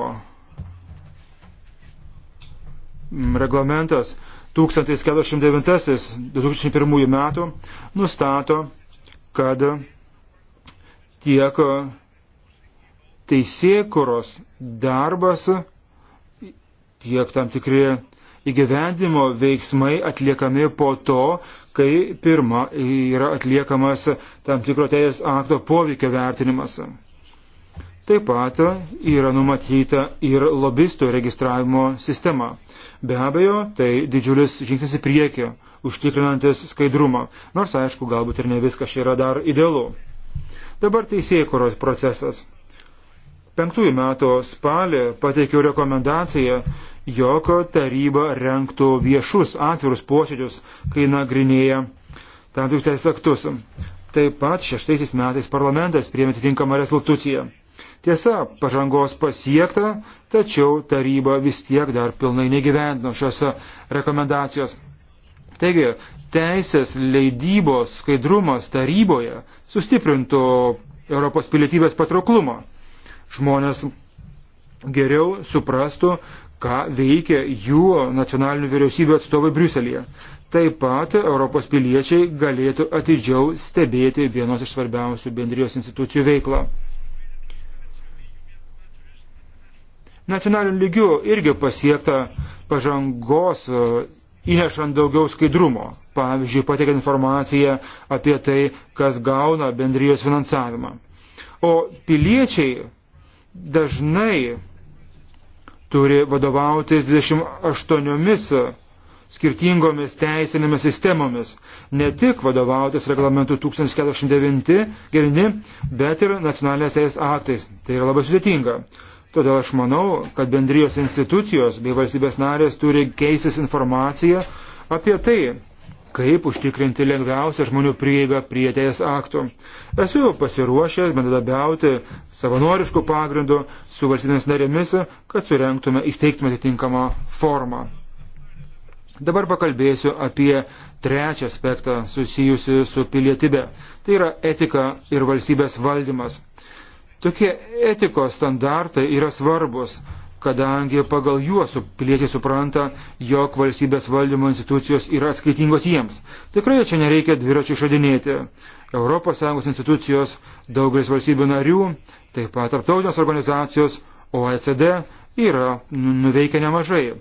reglamentas 1409-2001 metų nustato, kad tiek teisėkuros darbas, tiek tam tikri įgyvendimo veiksmai atliekami po to, kai pirma yra atliekamas tam tikro teisės akto poveikio vertinimas. Taip pat yra numatyta ir lobisto registravimo sistema. Be abejo, tai didžiulis žingsnis į priekį, užtikrinantis skaidrumą. Nors, aišku, galbūt ir ne viskas čia yra dar idealu. Dabar teisėkuros procesas. Penktųjų metų spalį pateikiau rekomendaciją jog taryba renktų viešus atvirus posėdžius, kai nagrinėja tam tikrus teisės aktus. Taip pat šeštaisiais metais parlamentas priėmė atitinkamą rezultuciją. Tiesa, pažangos pasiekta, tačiau taryba vis tiek dar pilnai negyvendino šios rekomendacijos. Taigi, teisės leidybos skaidrumas taryboje sustiprintų Europos pilietybės patrauklumą. Žmonės geriau suprastų, ką veikia jų nacionalinių vyriausybių atstovai Briuselėje. Taip pat Europos piliečiai galėtų atidžiau stebėti vienos iš svarbiausių bendrijos institucijų veiklą. Nacionaliniu lygiu irgi pasiekta pažangos e, įnešant daugiau skaidrumo, pavyzdžiui, pateikiant informaciją apie tai, kas gauna bendrijos finansavimą. O piliečiai dažnai turi vadovautis 28 skirtingomis teisinėmis sistemomis. Ne tik vadovautis reglamentu 1049, bet ir nacionalinės teisės aktais. Tai yra labai sudėtinga. Todėl aš manau, kad bendrijos institucijos bei valstybės narės turi keisis informaciją apie tai, kaip užtikrinti lengviausią žmonių prieigą prie teisės aktų. Esu pasiruošęs bendradabiauti savanoriškų pagrindų su valstybės narėmis, kad surenktume, įsteigtume atitinkamą formą. Dabar pakalbėsiu apie trečią aspektą susijusi su pilietybė. Tai yra etika ir valstybės valdymas. Tokie etikos standartai yra svarbus, kadangi pagal juos piliečiai supranta, jog valstybės valdymo institucijos yra atskaitingos jiems. Tikrai čia nereikia dviračių išradinėti. ES institucijos, daugelis valstybių narių, taip pat tarptautinės organizacijos, OECD yra nu- nuveikę nemažai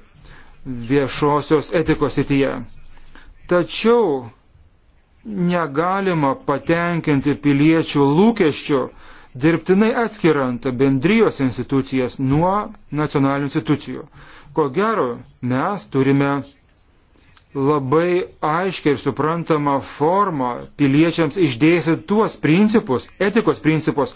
viešosios etikos įtyje. Tačiau negalima patenkinti piliečių lūkesčių, dirbtinai atskiriant bendrijos institucijas nuo nacionalinių institucijų. Ko gero, mes turime labai aiškiai ir suprantama forma piliečiams išdėsi tuos principus, etikos principus,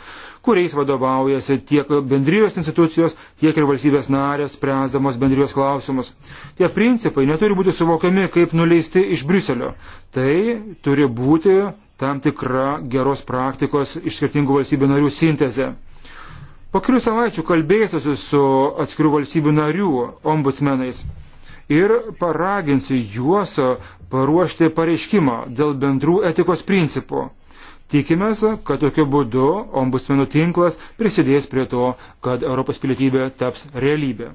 kuriais vadovaujasi tiek bendrijos institucijos, tiek ir valstybės narės, spręsdamos bendrijos klausimus. Tie principai neturi būti suvokiami kaip nuleisti iš Briuselio. Tai turi būti tam tikra geros praktikos iš skirtingų valstybių narių sintezė. Po kelių savaičių kalbėsiuosi su atskirų valstybių narių ombudsmenais ir paraginsiu juos paruošti pareiškimą dėl bendrų etikos principų. Tikimės, kad tokiu būdu ombudsmenų tinklas prisidės prie to, kad Europos pilietybė taps realybė.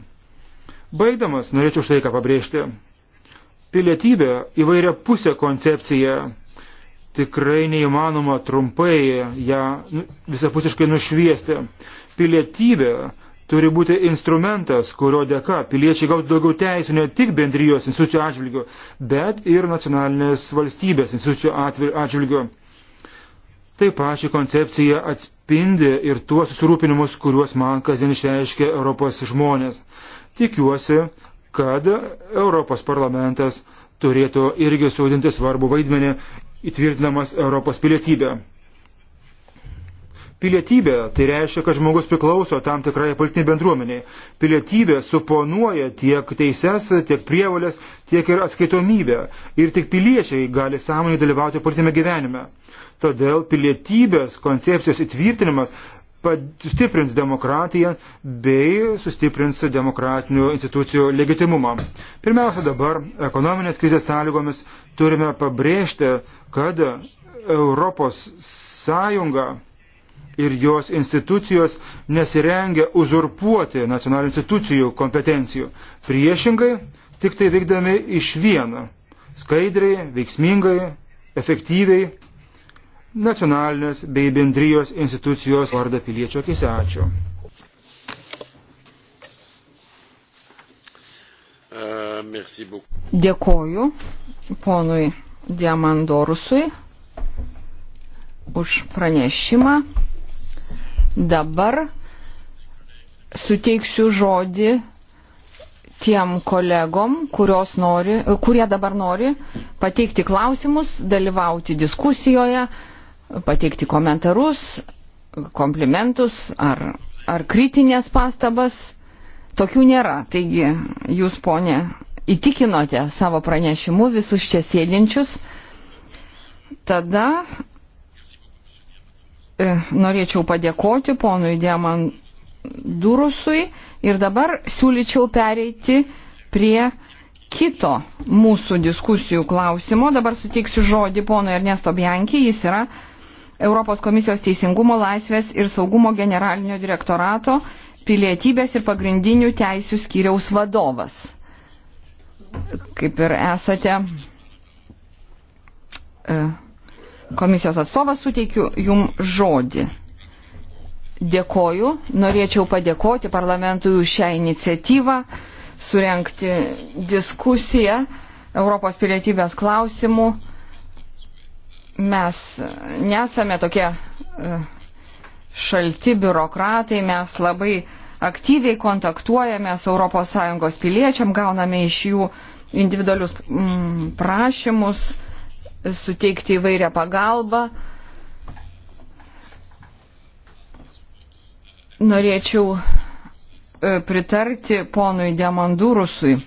Baigdamas, norėčiau štai ką pabrėžti. Pilietybė įvairia pusė koncepcija tikrai neįmanoma trumpai ją nu, visapusiškai nušviesti. Pilietybė turi būti instrumentas, kurio dėka piliečiai gautų daugiau teisų ne tik bendrijos institucijų atžvilgių, bet ir nacionalinės valstybės institucijų atžvilgių. Taip pat ši koncepcija atspindi ir tuos susirūpinimus, kuriuos man kasdien išreiškia Europos žmonės. Tikiuosi, kad Europos parlamentas turėtų irgi suvaidinti svarbu vaidmenį įtvirtinamas Europos pilietybė. Pilietybė tai reiškia, kad žmogus priklauso tam tikrai politiniai bendruomeniai. Pilietybė suponuoja tiek teises, tiek prievalės, tiek ir atskaitomybę. Ir tik piliečiai gali sąmoningai dalyvauti politinėme gyvenime. Todėl pilietybės koncepcijos įtvirtinimas stiprins demokratiją bei sustiprins demokratinių institucijų legitimumą. Pirmiausia, dabar ekonominės krizės sąlygomis turime pabrėžti, kad Europos Sąjunga ir jos institucijos nesirengia uzurpuoti nacionalinių institucijų kompetencijų. Priešingai, tik tai veikdami iš vieną, skaidriai, veiksmingai, efektyviai nacionalinės bei bendrijos institucijos vardą piliečio akise. Ačiū. E, Dėkoju ponui Diamandorusui už pranešimą. Dabar suteiksiu žodį tiem kolegom, nori, kurie dabar nori pateikti klausimus, dalyvauti diskusijoje pateikti komentarus, komplimentus ar, ar kritinės pastabas. Tokių nėra. Taigi jūs, ponė, įtikinote savo pranešimu visus čia sėdinčius. Tada e, norėčiau padėkoti ponui Dieman Durusui ir dabar siūlyčiau pereiti prie kito mūsų diskusijų klausimo. Dabar suteiksiu žodį ponui Ernesto Bianki, jis yra Europos komisijos teisingumo laisvės ir saugumo generalinio direktorato pilietybės ir pagrindinių teisių skyriaus vadovas. Kaip ir esate e, komisijos atstovas, suteikiu jum žodį. Dėkoju, norėčiau padėkoti parlamentui už šią iniciatyvą, surenkti diskusiją Europos pilietybės klausimų Mes nesame tokie e, šalti biurokratai, mes labai aktyviai kontaktuojame su ES piliečiam, gauname iš jų individualius mm, prašymus suteikti įvairią pagalbą. Norėčiau e, pritarti ponui Demandurusui,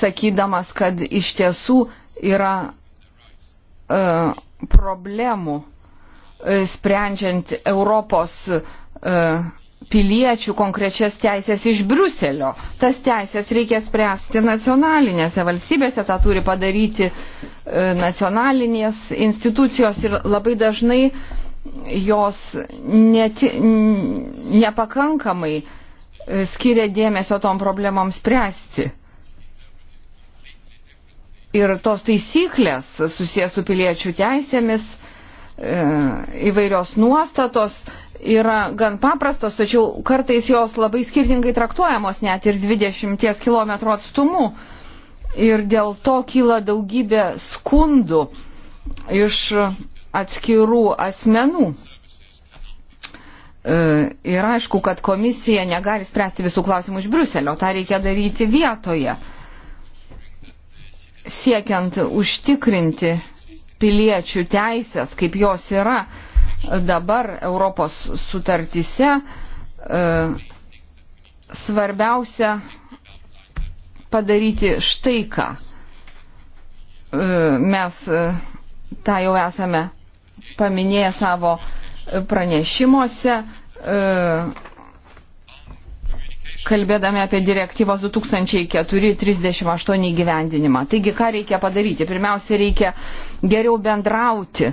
sakydamas, kad iš tiesų yra E, problemų e, sprendžiant Europos e, piliečių konkrečias teisės iš Briuselio. Tas teisės reikia spręsti nacionalinėse valstybėse, tą turi padaryti nacionalinės institucijos ir labai dažnai jos neti, nepakankamai skiria dėmesio tom problemom spręsti ir tos taisyklės susijęs su piliečių teisėmis, e, įvairios nuostatos yra gan paprastos, tačiau kartais jos labai skirtingai traktuojamos net ir 20 km atstumu. Ir dėl to kyla daugybė skundų iš atskirų asmenų. E, ir aišku, kad komisija negali spręsti visų klausimų iš Bruselio, tą reikia daryti vietoje siekiant užtikrinti piliečių teisės, kaip jos yra dabar Europos sutartyse, e, svarbiausia padaryti štai ką. E, mes e, tą jau esame paminėję savo pranešimuose kalbėdami apie direktyvos 2004-38 gyvendinimą. Taigi, ką reikia padaryti? Pirmiausia, reikia geriau bendrauti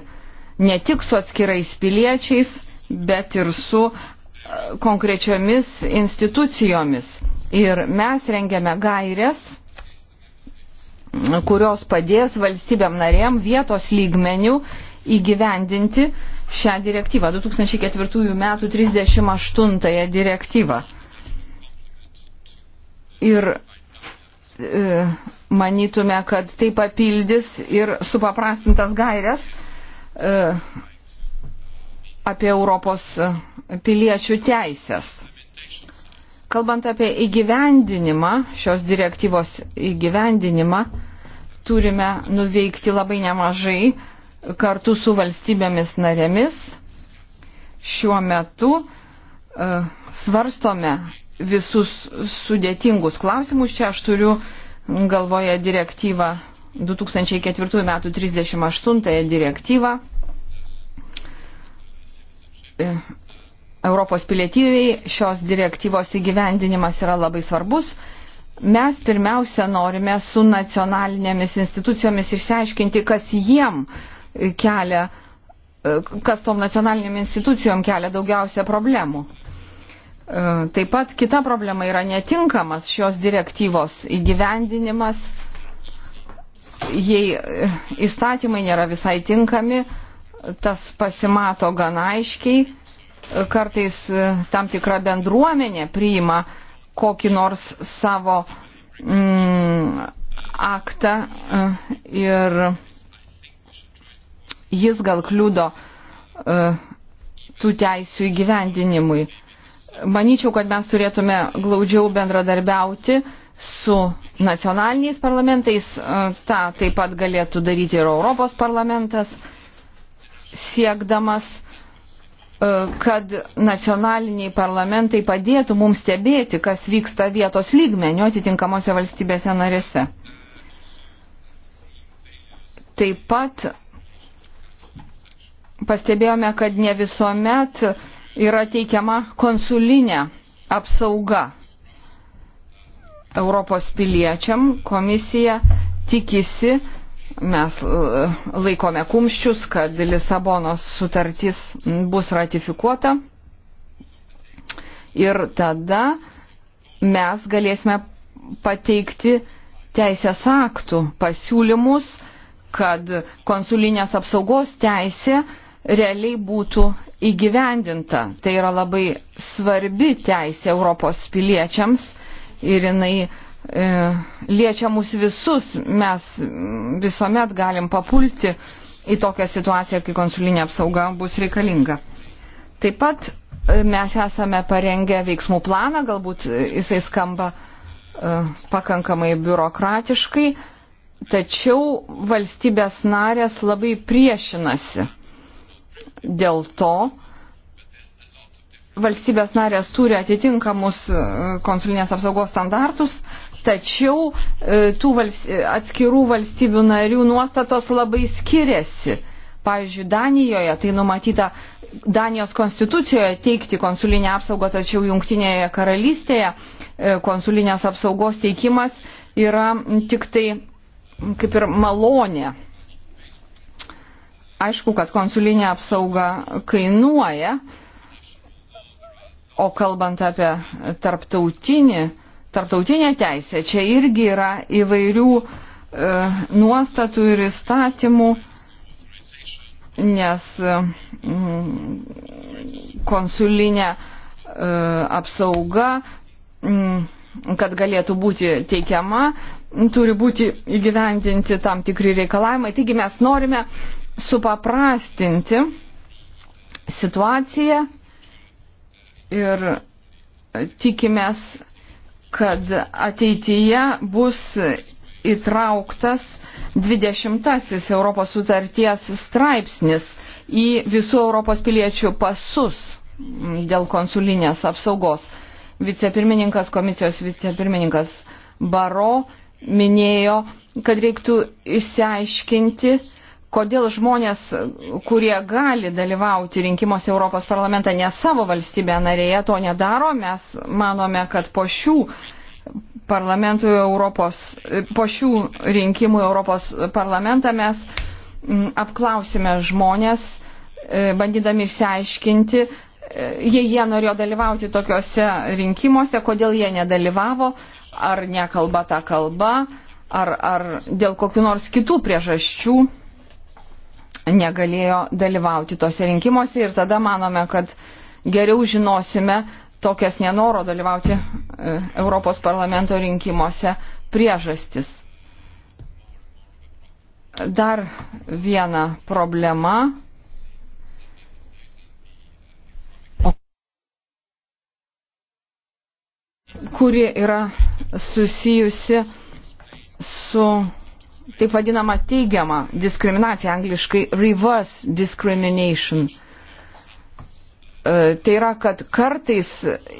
ne tik su atskirais piliečiais, bet ir su e, konkrečiomis institucijomis. Ir mes rengiame gairias, kurios padės valstybėm narėm vietos lygmenių įgyvendinti šią direktyvą, 2004 m. 38 direktyvą ir e, manytume, kad tai papildys ir supaprastintas gairias e, apie Europos piliečių teisės. Kalbant apie įgyvendinimą, šios direktyvos įgyvendinimą, turime nuveikti labai nemažai kartu su valstybėmis narėmis. Šiuo metu uh, svarstome visus sudėtingus klausimus. Čia aš turiu galvoje direktyvą 2004 metų 38 direktyvą. Europos pilietyviai šios direktyvos įgyvendinimas yra labai svarbus. Mes pirmiausia norime su nacionalinėmis institucijomis išsiaiškinti, kas jiem kelia, kas tom nacionalinėm institucijom kelia daugiausia problemų. E, taip pat kita problema yra netinkamas šios direktyvos įgyvendinimas. Jei e, įstatymai nėra visai tinkami, tas pasimato gan aiškiai. E, kartais tam tikra bendruomenė priima kokį nors savo mm, aktą ir jis gal kliudo tų teisių įgyvendinimui. Manyčiau, kad mes turėtume glaudžiau bendradarbiauti su nacionaliniais parlamentais, e, tą taip pat galėtų daryti ir Europos parlamentas, siekdamas, e, kad nacionaliniai parlamentai padėtų mums stebėti, kas vyksta vietos lygmenio atitinkamose valstybėse narėse. Taip pat pastebėjome, kad ne visuomet uh, yra teikiama konsulinė apsauga Europos piliečiam. Komisija tikisi, mes e, laikome kumščius, kad Lisabonos sutartis bus ratifikuota. Ir tada mes galėsime pateikti teisės aktų pasiūlymus, kad konsulinės apsaugos teisė uh, realiai būtų įgyvendinta. Tai yra labai svarbi teisė Europos piliečiams ir jinai e, liečia mus visus. Mes visuomet galim papulti į tokią situaciją, kai konsulinė apsauga bus reikalinga. Taip pat e, mes esame parengę veiksmų planą, galbūt jisai skamba e, pakankamai biurokratiškai, tačiau valstybės narės labai priešinasi Dėl to valstybės narės turi atitinkamus e, konsulinės apsaugos standartus, tačiau e, tų vals, atskirų valstybių narių nuostatos labai skiriasi. Pavyzdžiui, Danijoje tai numatyta Danijos konstitucijoje teikti konsulinę apsaugą, tačiau Jungtinėje karalystėje e, konsulinės apsaugos teikimas yra tik tai kaip ir malonė aišku, kad konsulinė apsauga kainuoja, o kalbant apie tarptautinį, tarptautinę teisę, čia irgi yra įvairių e, nuostatų ir įstatymų, nes mm, konsulinė e, apsauga, mm, kad galėtų būti teikiama, turi būti įgyvendinti tam tikri reikalavimai. Taigi mes norime supaprastinti situaciją ir tikimės, kad ateityje bus įtrauktas 20-asis Europos sutarties straipsnis į visų Europos piliečių pasus dėl konsulinės apsaugos. Vicepirmininkas, komisijos vicepirmininkas Baro minėjo, kad reiktų išsiaiškinti, kodėl žmonės, kurie gali dalyvauti rinkimuose Europos parlamentą, ne savo valstybė narėje to nedaro, mes manome, kad po šių parlamentų Europos, po šių rinkimų Europos parlamentą mes mm, apklausime žmonės, e, bandydami išsiaiškinti, e, jei jie norėjo dalyvauti tokiuose rinkimuose, kodėl jie nedalyvavo, ar nekalba tą kalbą, ar, ar dėl kokiu nors kitų priežasčių negalėjo dalyvauti tose rinkimuose ir tada manome, kad geriau žinosime tokias nenoro dalyvauti e, Europos parlamento rinkimuose priežastis. Dar viena problema. kuri yra susijusi su taip vadinama teigiama diskriminacija, angliškai reverse discrimination. E, tai yra, kad kartais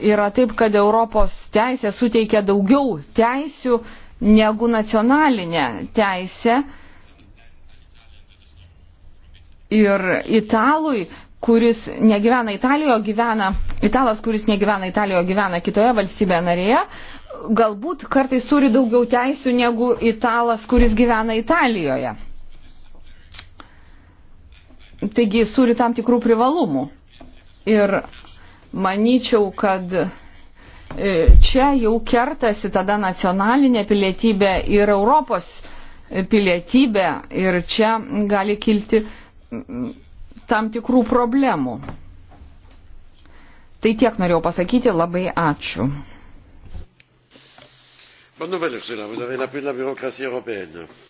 yra taip, kad Europos teisė suteikia daugiau teisių negu nacionalinė teisė. Ir italui, kuris negyvena Italijoje, gyvena, italas, kuris negyvena Italijoje, gyvena kitoje valstybėje narėje, galbūt kartais turi daugiau teisių negu italas, kuris gyvena Italijoje. Taigi jis turi tam tikrų privalumų. Ir manyčiau, kad e, čia jau kertasi tada nacionalinė pilietybė ir Europos e, pilietybė ir čia gali kilti tam tikrų problemų. Tai tiek norėjau pasakyti, labai ačiū.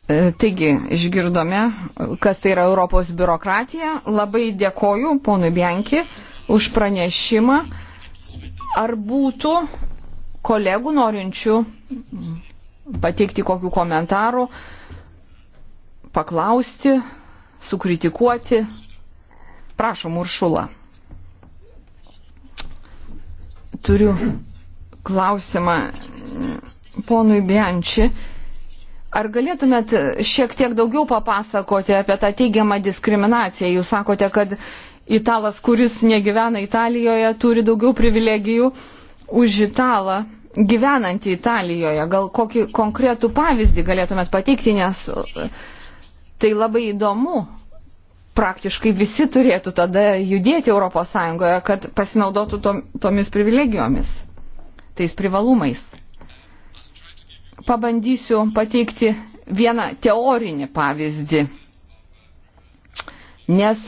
E, taigi, išgirdome, kas tai yra Europos biurokratija. Labai dėkoju ponui Bianki už pranešimą. Ar būtų kolegų norinčių pateikti kokių komentarų, paklausti, sukritikuoti? Prašom, Uršula. Turiu klausimą ponui Bianči. Ar galėtumėt šiek tiek daugiau papasakoti apie tą teigiamą diskriminaciją? Jūs sakote, kad italas, kuris negyvena Italijoje, turi daugiau privilegijų už italą gyvenantį Italijoje. Gal kokį konkretų pavyzdį galėtumėt pateikti, nes e, tai labai įdomu. Praktiškai visi turėtų tada judėti ES, kad pasinaudotų tomis privilegijomis, tais privalumais pabandysiu pateikti vieną teorinį pavyzdį, nes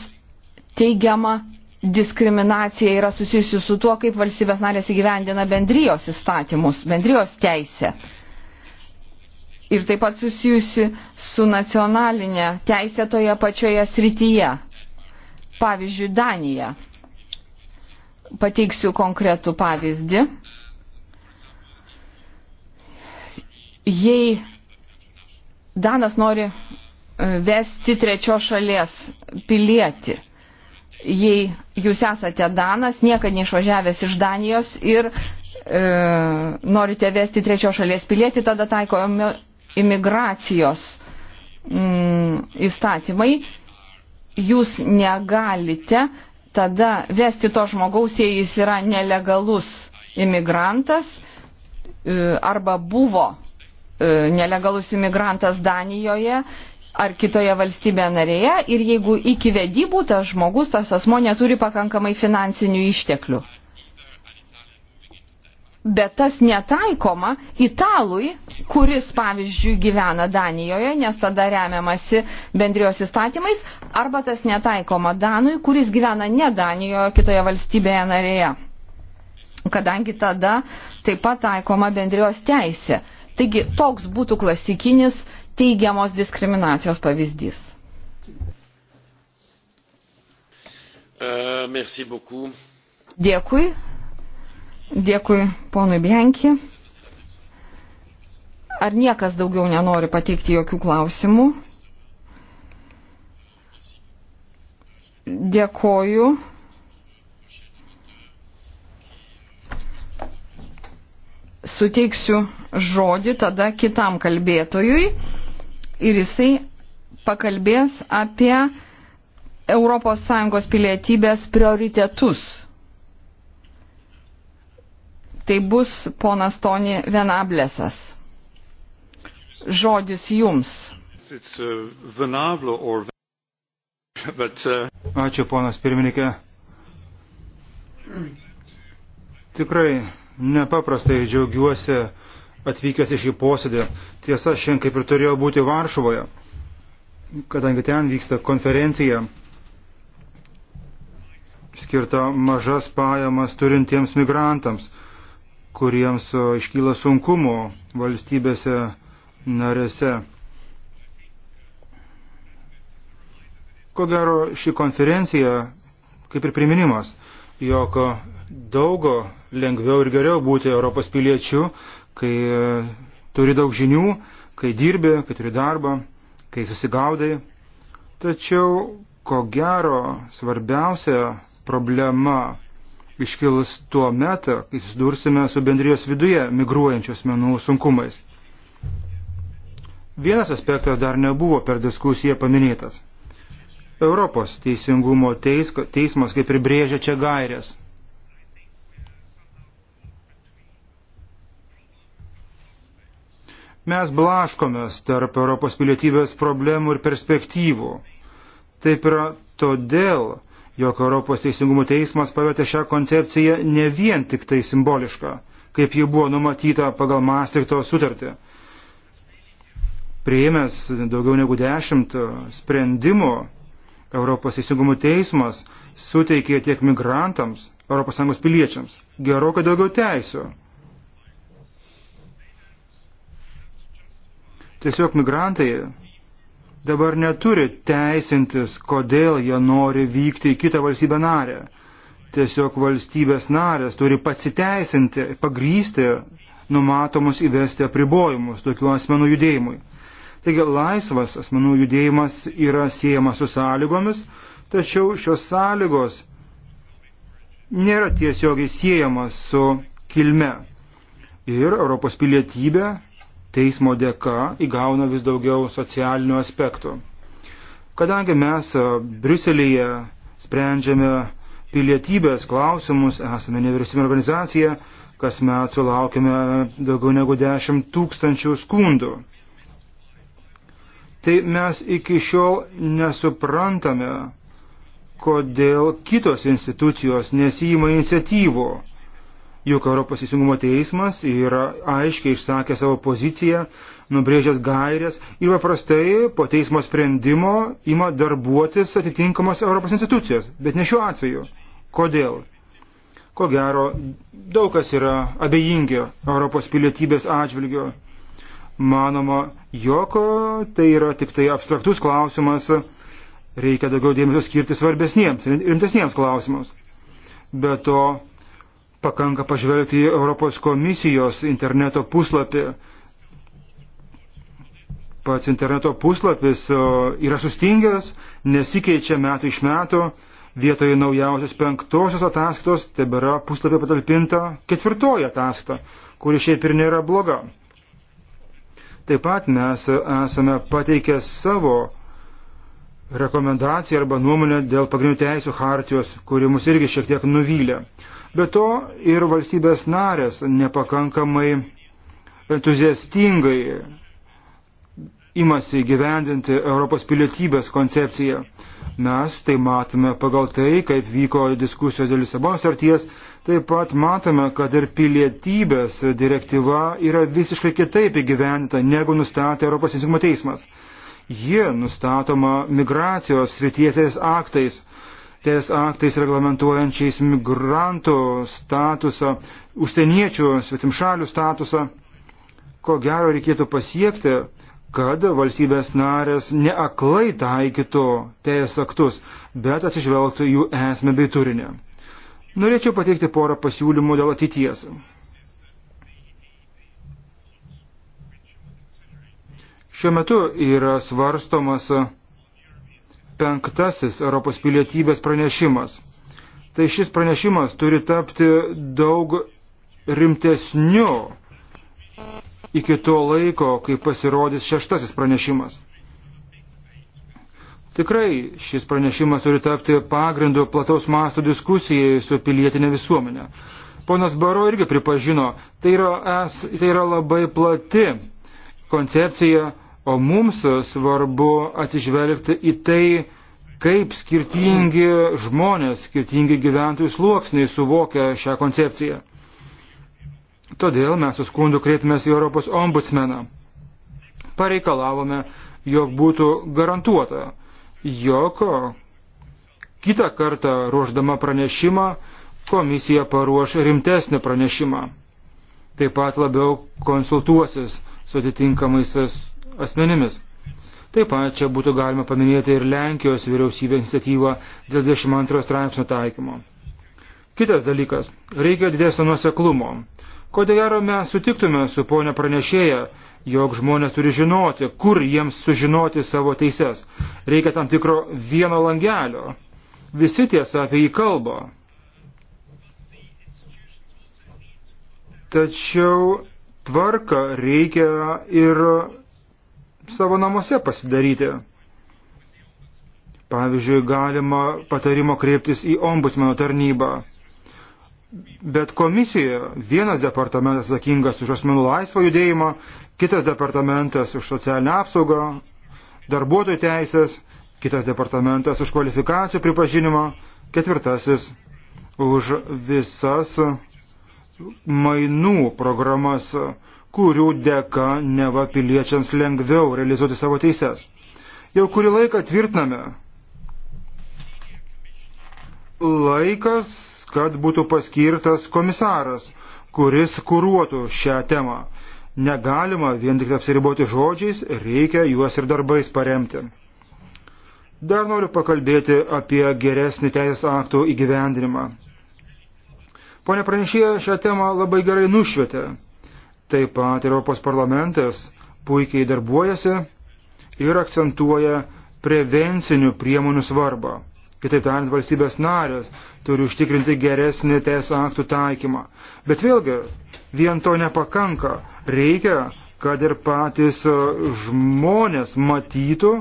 teigiama diskriminacija yra susijusi su tuo, kaip valstybės narės įgyvendina bendrijos įstatymus, bendrijos teisę. Ir taip pat susijusi su nacionalinė teisė toje pačioje srityje. Pavyzdžiui, Danija. Pateiksiu konkretų pavyzdį. jei Danas nori e, vesti trečios šalies pilietį. Jei jūs esate Danas, niekad neišvažiavęs iš Danijos ir e, norite vesti trečios šalies pilietį, tada taiko imigracijos mm, įstatymai. Jūs negalite tada vesti to žmogaus, jei jis yra nelegalus imigrantas e, arba buvo E, nelegalus imigrantas Danijoje ar kitoje valstybėje narėje ir jeigu iki vedybų tas žmogus, tas asmo neturi pakankamai finansinių išteklių. Bet tas netaikoma italui, kuris, pavyzdžiui, gyvena Danijoje, nes tada remiamasi bendrijos įstatymais, arba tas netaikoma Danui, kuris gyvena ne Danijoje, kitoje valstybėje narėje. Kadangi tada taip pat taikoma bendrijos teisė. Taigi toks būtų klasikinis teigiamos diskriminacijos pavyzdys. Uh, Dėkui. Dėkui ponui Bianki. Ar niekas daugiau nenori pateikti jokių klausimų? Dėkoju. Suteiksiu žodį tada kitam kalbėtojui ir jisai pakalbės apie ES pilietybės prioritetus. Tai bus ponas Toni Venablesas. Žodis jums. Uh, uh, Ačiū, ponas pirmininkė. Tikrai nepaprastai džiaugiuosi atvykęs į šį posėdį. Tiesa, šiandien kaip ir turėjo būti Varšuvoje, kadangi ten vyksta konferencija skirta mažas pajamas turintiems migrantams, kuriems e, iškyla sunkumo valstybėse narėse. Ko gero, ši konferencija kaip ir priminimas, jog daug lengviau ir geriau būti Europos piliečiu, kai turi daug žinių, kai dirbi, kai turi darbą, kai susigaudai. Tačiau, ko gero, svarbiausia problema iškils tuo metą, kai susidursime su bendrijos viduje migruojančios menų sunkumais. Vienas aspektas dar nebuvo per diskusiją paminėtas. Europos teisingumo teismas, kaip ir brėžia čia gairės, Mes blaškomės tarp Europos pilietybės problemų ir perspektyvų. Taip yra todėl, jog Europos teisingumo teismas pavietė šią koncepciją ne vien tik tai simbolišką, kaip ji buvo numatyta pagal Maastrichto sutartį. Prieimęs daugiau negu dešimt sprendimų, Europos teisingumo teismas suteikė tiek migrantams, ES piliečiams gerokai daugiau teisų. Tiesiog migrantai dabar neturi teisintis, kodėl jie nori vykti į kitą valstybę narę. Tiesiog valstybės narės turi pasiteisinti, pagrysti numatomus įvesti apribojimus tokių asmenų judėjimui. Taigi laisvas asmenų judėjimas yra siejamas su sąlygomis, tačiau šios sąlygos nėra tiesiogiai siejamas su kilme. Ir Europos pilietybė teismo dėka įgauna vis daugiau socialinių aspektų. Kadangi mes e, Briuselėje sprendžiame pilietybės klausimus, esame nevyriausybinė organizacija, kasmet sulaukime daugiau negu 10 tūkstančių skundų. Tai mes iki šiol nesuprantame, kodėl kitos institucijos nesijima iniciatyvo juk Europos teisingumo teismas yra aiškiai išsakę savo poziciją, nubrėžęs gairės ir paprastai po teismo sprendimo ima darbuotis atitinkamos Europos institucijos, bet ne šiuo atveju. Kodėl? Ko gero, daug kas yra abejingi Europos pilietybės atžvilgiu. Manoma, jog tai yra tik tai abstraktus klausimas, reikia daugiau dėmesio skirti svarbesniems, rimtesniems klausimams. Be to, Pakanka pažvelgti į Europos komisijos interneto puslapį. Pats interneto puslapis yra sustingęs, nesikeičia metų iš metų, vietoje naujausios penktosios ataskaitos tebėra puslapį patalpinta ketvirtoji ataskaita, kuri šiaip ir nėra bloga. Taip pat mes esame pateikę savo rekomendaciją arba nuomonę dėl pagrindinių teisų hartijos, kuri mus irgi šiek tiek nuvylė. Be to ir valstybės narės nepakankamai entuziastingai imasi gyvendinti Europos pilietybės koncepciją. Mes tai matome pagal tai, kaip vyko diskusijos dėl Lisabonos arties, taip pat matome, kad ir pilietybės direktyva yra visiškai kitaip įgyvendinta, negu nustatė Europos teisingumo teismas. Ji nustatoma migracijos srities aktais, teisės aktais reglamentuojančiais migrantų statusą, užsieniečių svetimšalių statusą, ko gero reikėtų pasiekti, kad valstybės narės neaklai taikytų teisės aktus, bet atsižvelgtų jų esmę bei turinį. Norėčiau pateikti porą pasiūlymų dėl ateities. Šiuo metu yra svarstomas penktasis Europos pilietybės pranešimas. Tai šis pranešimas turi tapti daug rimtesniu iki to laiko, kai pasirodys šeštasis pranešimas. Tikrai šis pranešimas turi tapti pagrindu plataus masto diskusijai su pilietinė visuomenė. Ponas Baro irgi pripažino, tai yra, es, tai yra labai plati koncepcija O mums svarbu atsižvelgti į tai, kaip skirtingi žmonės, skirtingi gyventojų sluoksniai suvokia šią koncepciją. Todėl mes su skundu kreipėmės į Europos ombudsmeną. Pareikalavome, jog būtų garantuota, jog kitą kartą ruoždama pranešimą komisija paruoš rimtesnį pranešimą. Taip pat labiau konsultuosis su atitinkamais asmenimis. Taip pat čia būtų galima paminėti ir Lenkijos vyriausybės iniciatyvą dėl 22 straipsnio taikymo. Kitas dalykas - reikia didesnio nuoseklumo. Ko gero mes sutiktume su ponia pranešėja, jog žmonės turi žinoti, kur jiems sužinoti savo teises. Reikia tam tikro vieno langelio. Visi tiesa apie jį kalba. Tačiau tvarką reikia ir savo namuose pasidaryti. Pavyzdžiui, galima patarimo kreiptis į ombudsmeno tarnybą. Bet komisijoje vienas departamentas atsakingas už asmenų laisvą judėjimą, kitas departamentas už socialinę apsaugą, darbuotojų teisės, kitas departamentas už kvalifikacijų pripažinimą, ketvirtasis už visas mainų programas, kurių dėka neva piliečiams lengviau realizuoti savo teises. Jau kurį laiką tvirtiname laikas, kad būtų paskirtas komisaras, kuris kūruotų šią temą. Negalima vien tik apsiriboti žodžiais, reikia juos ir darbais paremti. Dar noriu pakalbėti apie geresnį teisės aktų įgyvendinimą. Pone pranešėja šią temą labai gerai nušvietė. Taip pat Europos parlamentas puikiai darbuojasi ir akcentuoja prevencinių priemonių svarbą. Kitaip tariant, valstybės narės turi užtikrinti geresnį teisę aktų taikymą. Bet vėlgi, vien to nepakanka. Reikia, kad ir patys žmonės matytų,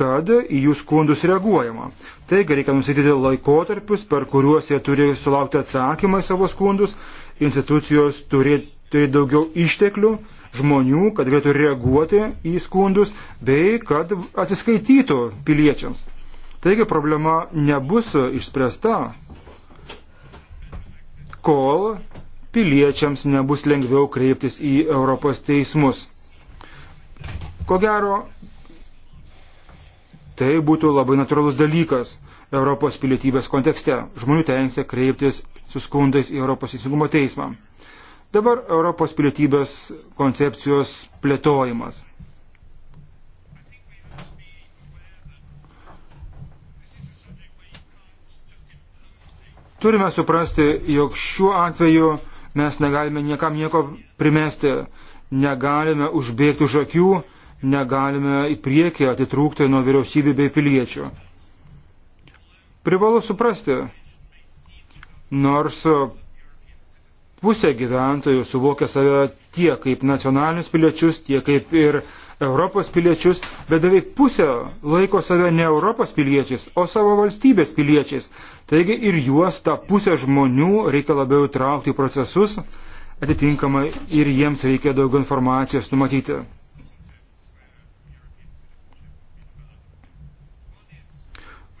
kad į jų skundus reaguojama. Taigi reikia nusityti laikotarpius, per kuriuos jie turi sulaukti atsakymą į savo skundus. Institucijos turi turi daugiau išteklių, žmonių, kad galėtų reaguoti į skundus bei kad atsiskaitytų piliečiams. Taigi problema nebus išspręsta, kol piliečiams nebus lengviau kreiptis į Europos teismus. Ko gero, tai būtų labai natūralus dalykas Europos pilietybės kontekste žmonių teisė kreiptis su skundais į Europos įsigumo teismą. Dabar Europos pilietybės koncepcijos plėtojimas. Turime suprasti, jog šiuo atveju mes negalime niekam nieko primesti, negalime užbėgti už akių, negalime į priekį atitrūkti nuo vyriausybių bei piliečių. Privalu suprasti, nors pusė gyventojų suvokia save tiek kaip nacionalinius piliečius, tiek kaip ir Europos piliečius, bet beveik pusė laiko save ne Europos piliečiais, o savo valstybės piliečiais. Taigi ir juos tą pusę žmonių reikia labiau įtraukti į procesus, atitinkamai ir jiems reikia daugiau informacijos numatyti.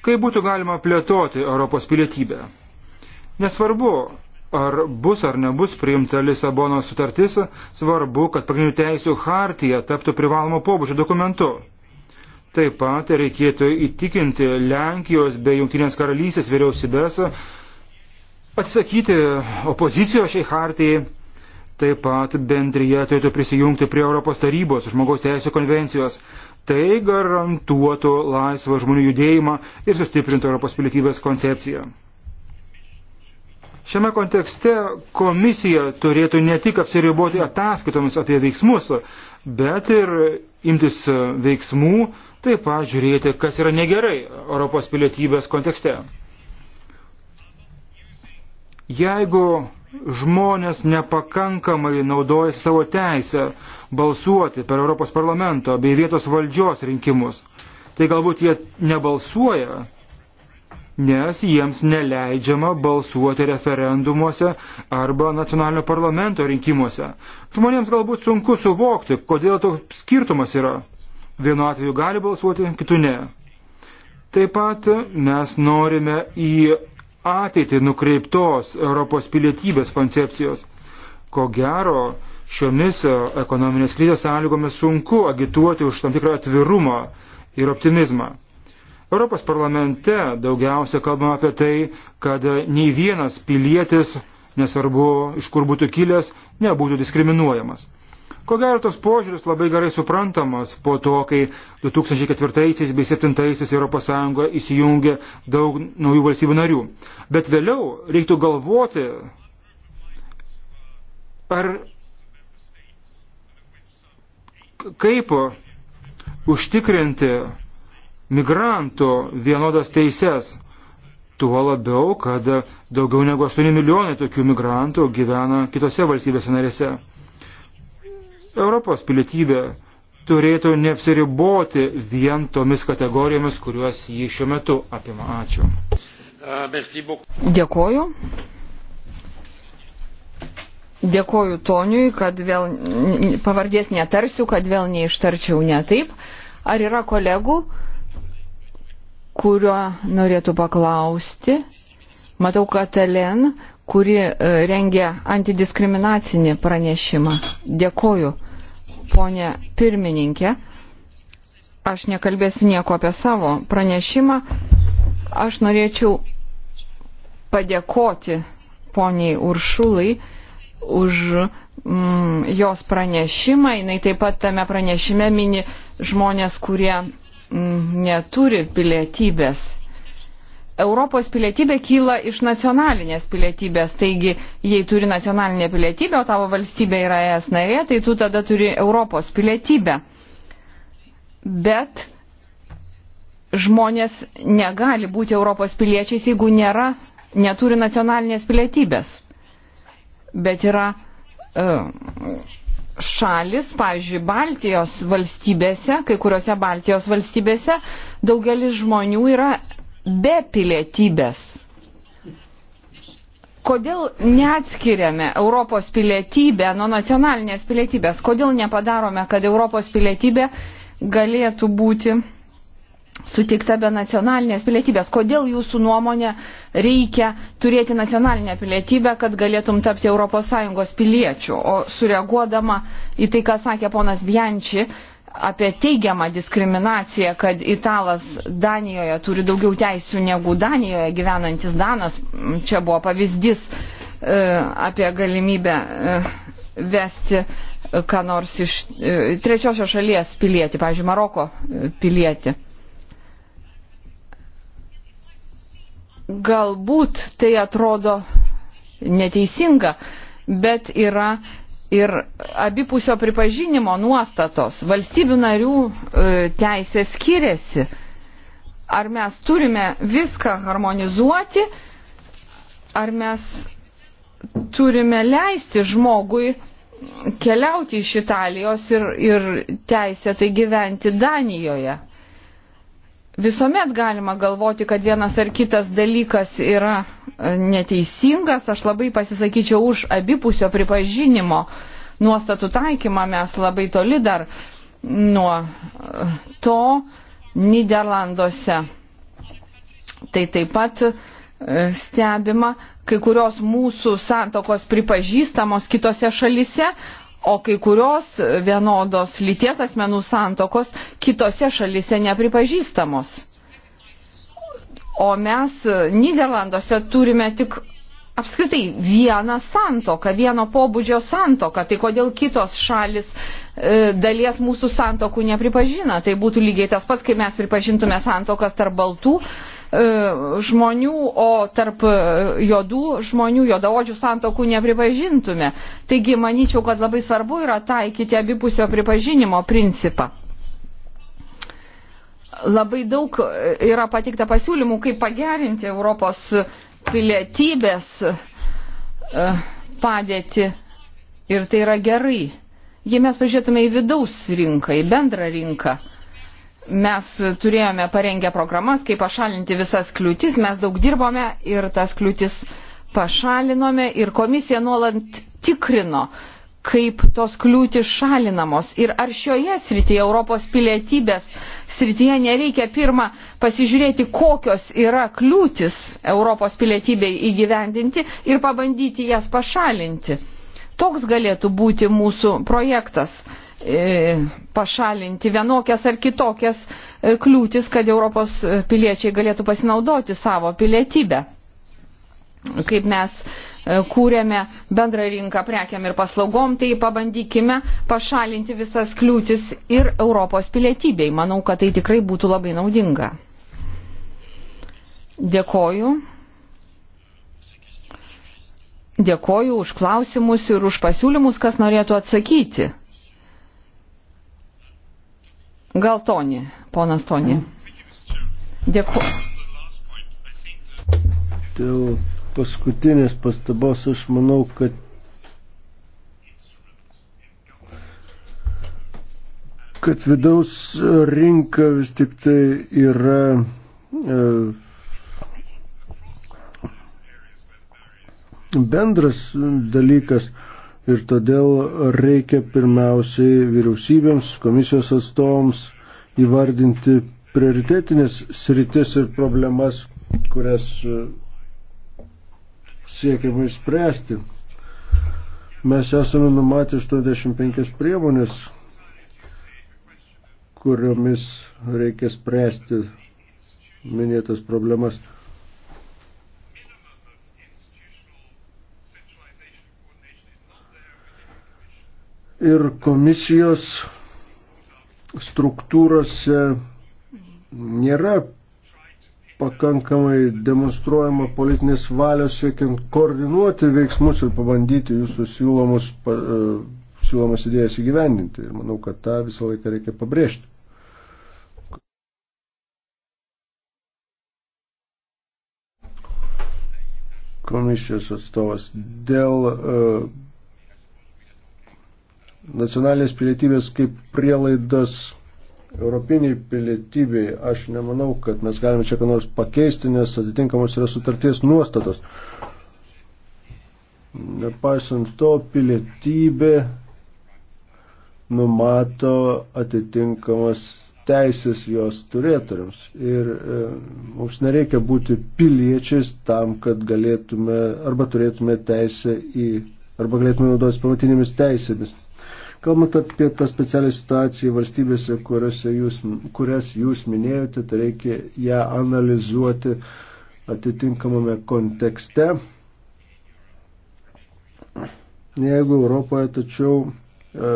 Kaip būtų galima plėtoti Europos pilietybę? Nesvarbu, ar bus ar nebus priimta Lisabono sutartis, svarbu, kad pagrindinių teisų hartija taptų privalomo pobūdžio dokumentu. Taip pat reikėtų įtikinti Lenkijos bei Junktinės karalystės vyriausybės atsakyti opozicijos šiai hartijai. Taip pat bendryje turėtų prisijungti prie Europos tarybos žmogaus teisų konvencijos. Tai garantuotų laisvą žmonių judėjimą ir sustiprintų Europos pilietybės koncepciją. Šiame kontekste komisija turėtų ne tik apsiriboti ataskaitomis apie veiksmus, bet ir imtis veiksmų, taip pat žiūrėti, kas yra negerai Europos pilietybės kontekste. Jeigu žmonės nepakankamai naudoja savo teisę balsuoti per Europos parlamento bei vietos valdžios rinkimus, tai galbūt jie nebalsuoja nes jiems neleidžiama balsuoti referendumuose arba nacionalinio parlamento rinkimuose. Žmonėms galbūt sunku suvokti, kodėl toks skirtumas yra. Vienu atveju gali balsuoti, kitu ne. Taip pat mes norime į ateitį nukreiptos Europos pilietybės koncepcijos. Ko gero, šiomis ekonominės krizės sąlygomis sunku agituoti už tam tikrą atvirumą ir optimizmą. Europos parlamente daugiausia kalbama apie tai, kad nei vienas pilietis, nesvarbu iš kur būtų kilęs, nebūtų diskriminuojamas. Ko gero toks požiūris labai gerai suprantamas po to, kai 2004 bei 2007 Europos Sąjunga įsijungė daug naujų valstybių narių. Bet vėliau reiktų galvoti, ar kaip užtikrinti, migrantų vienodas teises. Tuo labiau, kad daugiau negu 8 milijonai tokių migrantų gyvena kitose valstybėse narėse. Europos pilietybė turėtų neapsiriboti vien tomis kategorijomis, kuriuos jį šiuo metu apima. Ačiū. Dėkoju. Dėkoju Toniui, kad vėl pavardės netarsiu, kad vėl neištarčiau ne taip. Ar yra kolegų? kurio norėtų paklausti. Matau Katalen, kuri e, rengia antidiskriminacinį pranešimą. Dėkoju, ponė pirmininkė. Aš nekalbėsiu nieko apie savo pranešimą. Aš norėčiau padėkoti poniai Uršulai už mm, jos pranešimą. Jis taip pat tame pranešime mini žmonės, kurie neturi pilietybės. Europos pilietybė kyla iš nacionalinės pilietybės, taigi jei turi nacionalinę pilietybę, o tavo valstybė yra ES narė, tai tu tada turi Europos pilietybę. Bet žmonės negali būti Europos piliečiais, jeigu nėra, neturi nacionalinės pilietybės. Bet yra uh, šalis, pavyzdžiui, Baltijos valstybėse, kai kuriuose Baltijos valstybėse, daugelis žmonių yra be pilietybės. Kodėl neatskiriame Europos pilietybę nuo nacionalinės pilietybės? Kodėl nepadarome, kad Europos pilietybė galėtų būti suteikta be nacionalinės pilietybės. Kodėl jūsų nuomonė reikia turėti nacionalinę pilietybę, kad galėtum tapti ES piliečių? O sureaguodama į tai, ką sakė ponas Bianči apie teigiamą diskriminaciją, kad italas Danijoje turi daugiau teisių negu Danijoje gyvenantis Danas, čia buvo pavyzdys e, apie galimybę e, vesti e, ką nors iš trečiosios šalies pilietį, pavyzdžiui, Maroko pilietį. galbūt tai atrodo neteisinga, bet yra ir abipusio pripažinimo nuostatos. Valstybių narių e, teisė skiriasi. Ar mes turime viską harmonizuoti, ar mes turime leisti žmogui keliauti iš Italijos ir, ir teisėtai gyventi Danijoje visuomet galima galvoti, kad vienas ar kitas dalykas yra e, neteisingas. Aš labai pasisakyčiau už abipusio pripažinimo nuostatų taikymą. Mes labai toli dar nuo e, to Niderlanduose. Tai taip pat e, stebima, kai kurios mūsų santokos pripažįstamos kitose šalise, o kai kurios vienodos lyties asmenų santokos kitose šalise nepripažįstamos. O mes Niderlanduose turime tik apskritai vieną santoką, vieno pobūdžio santoką. Tai kodėl kitos šalis e, dalies mūsų santokų nepripažina? Tai būtų lygiai tas pats, kai mes pripažintume santokas tarp baltų E, žmonių, o tarp e, juodų žmonių, juodaodžių santokų nepripažintume. Taigi, manyčiau, kad labai svarbu yra taikyti abipusio pripažinimo principą. Labai daug e, yra patikta pasiūlymų, kaip pagerinti Europos pilietybės padėti ir tai yra gerai. Jei mes pažiūrėtume į vidaus rinką, į bendrą rinką, mes turėjome parengę programas, kaip pašalinti visas kliūtis, mes daug dirbome ir tas kliūtis pašalinome ir komisija nuolant tikrino, kaip tos kliūtis šalinamos ir ar šioje srityje, Europos pilietybės srityje, nereikia pirmą pasižiūrėti, kokios yra kliūtis Europos pilietybei įgyvendinti ir pabandyti jas pašalinti. Toks galėtų būti mūsų projektas E, pašalinti vienokias ar kitokias e, kliūtis, kad Europos e, piliečiai galėtų pasinaudoti savo pilietybę. Kaip mes kūrėme bendrą rinką prekiam ir paslaugom, tai pabandykime pašalinti visas kliūtis ir Europos pilietybei. Manau, kad tai tikrai būtų labai naudinga. Dėkoju. Dėkoju už klausimus ir už pasiūlymus, kas norėtų atsakyti. Gal Toni, ponas Toni. Dėkuoju. Dėl paskutinės pastabos aš manau, kad kad vidaus rinka vis tik tai yra e, bendras dalykas. E, ir todėl reikia pirmiausiai vyriausybėms, komisijos atstovams įvardinti prioritetinės sritis ir problemas, kurias e, siekiama išspręsti. Mes esame numatę 85 priemonės, kuriomis reikia spręsti minėtas problemas. ir komisijos struktūrose nėra pakankamai demonstruojama politinės valios siekiant koordinuoti veiksmus ir pabandyti jūsų siūlomus, pa, e, siūlomas idėjas įgyvendinti. Ir manau, kad tą visą laiką reikia pabrėžti. Komisijos atstovas dėl uh, nacionalinės pilietybės kaip prielaidos europiniai pilietybei, aš nemanau, kad mes galime čia ką nors pakeisti, nes atitinkamos yra sutarties nuostatos. Nepaisant to, pilietybė numato atitinkamas teisės jos turėtoriams. Ir e, mums nereikia būti piliečiais tam, kad galėtume arba turėtume teisę į, arba galėtume naudotis pamatinėmis teisėmis. Kalbant apie tą specialią situaciją valstybėse, jūs, kurias jūs minėjote, tai reikia ją analizuoti atitinkamame kontekste. Jeigu Europoje tačiau e,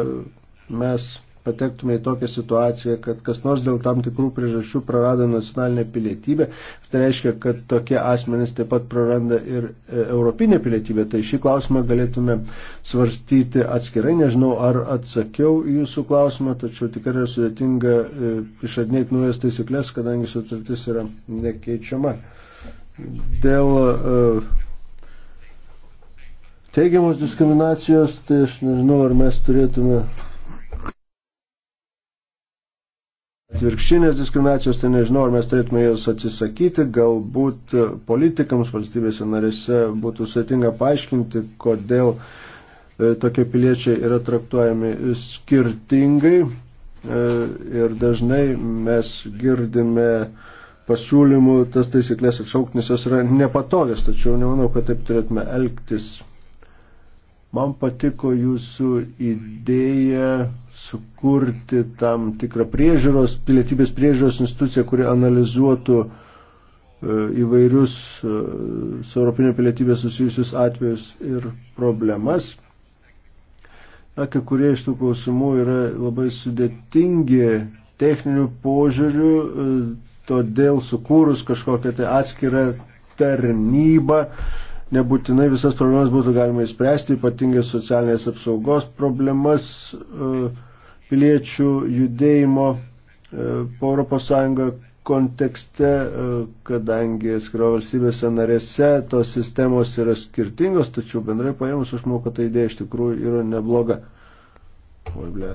mes patektume į tokią situaciją, kad kas nors dėl tam tikrų priežasčių prarado nacionalinę pilietybę. Tai reiškia, kad tokie asmenys taip pat praranda ir e, europinę pilietybę. Tai šį klausimą galėtume svarstyti atskirai. Nežinau, ar atsakiau į jūsų klausimą, tačiau tikrai yra sudėtinga e, išradinėti naujas taisyklės, kadangi sutartis yra nekeičiama. Dėl uh, teigiamos diskriminacijos, tai aš nežinau, ar mes turėtume atvirkštinės diskriminacijos, tai nežinau, ar mes turėtume jos atsisakyti, galbūt politikams valstybėse narėse būtų sėtinga paaiškinti, kodėl e, tokie piliečiai yra traktuojami skirtingai e, ir dažnai mes girdime pasiūlymų tas taisyklės atšaukti, nes jos yra nepatogios, tačiau nemanau, kad taip turėtume elgtis. Man patiko jūsų idėja sukurti tam tikrą priežiūros, pilietybės priežiūros instituciją, kuri analizuotų e, įvairius e, su Europinė pilietybė susijusius atvejus ir problemas. Na, kai kurie iš tų klausimų yra labai sudėtingi techninių požiūrių, e, todėl sukūrus kažkokią tai atskirą tarnybą, nebūtinai visas problemas būtų galima įspręsti, ypatingai socialinės apsaugos problemas e, piliečių judėjimo e, po ES kontekste, e, kadangi skirio valstybėse narėse tos sistemos yra skirtingos, tačiau bendrai paėmus aš manau, kad ta idėja iš tikrųjų yra nebloga. Oi, ble.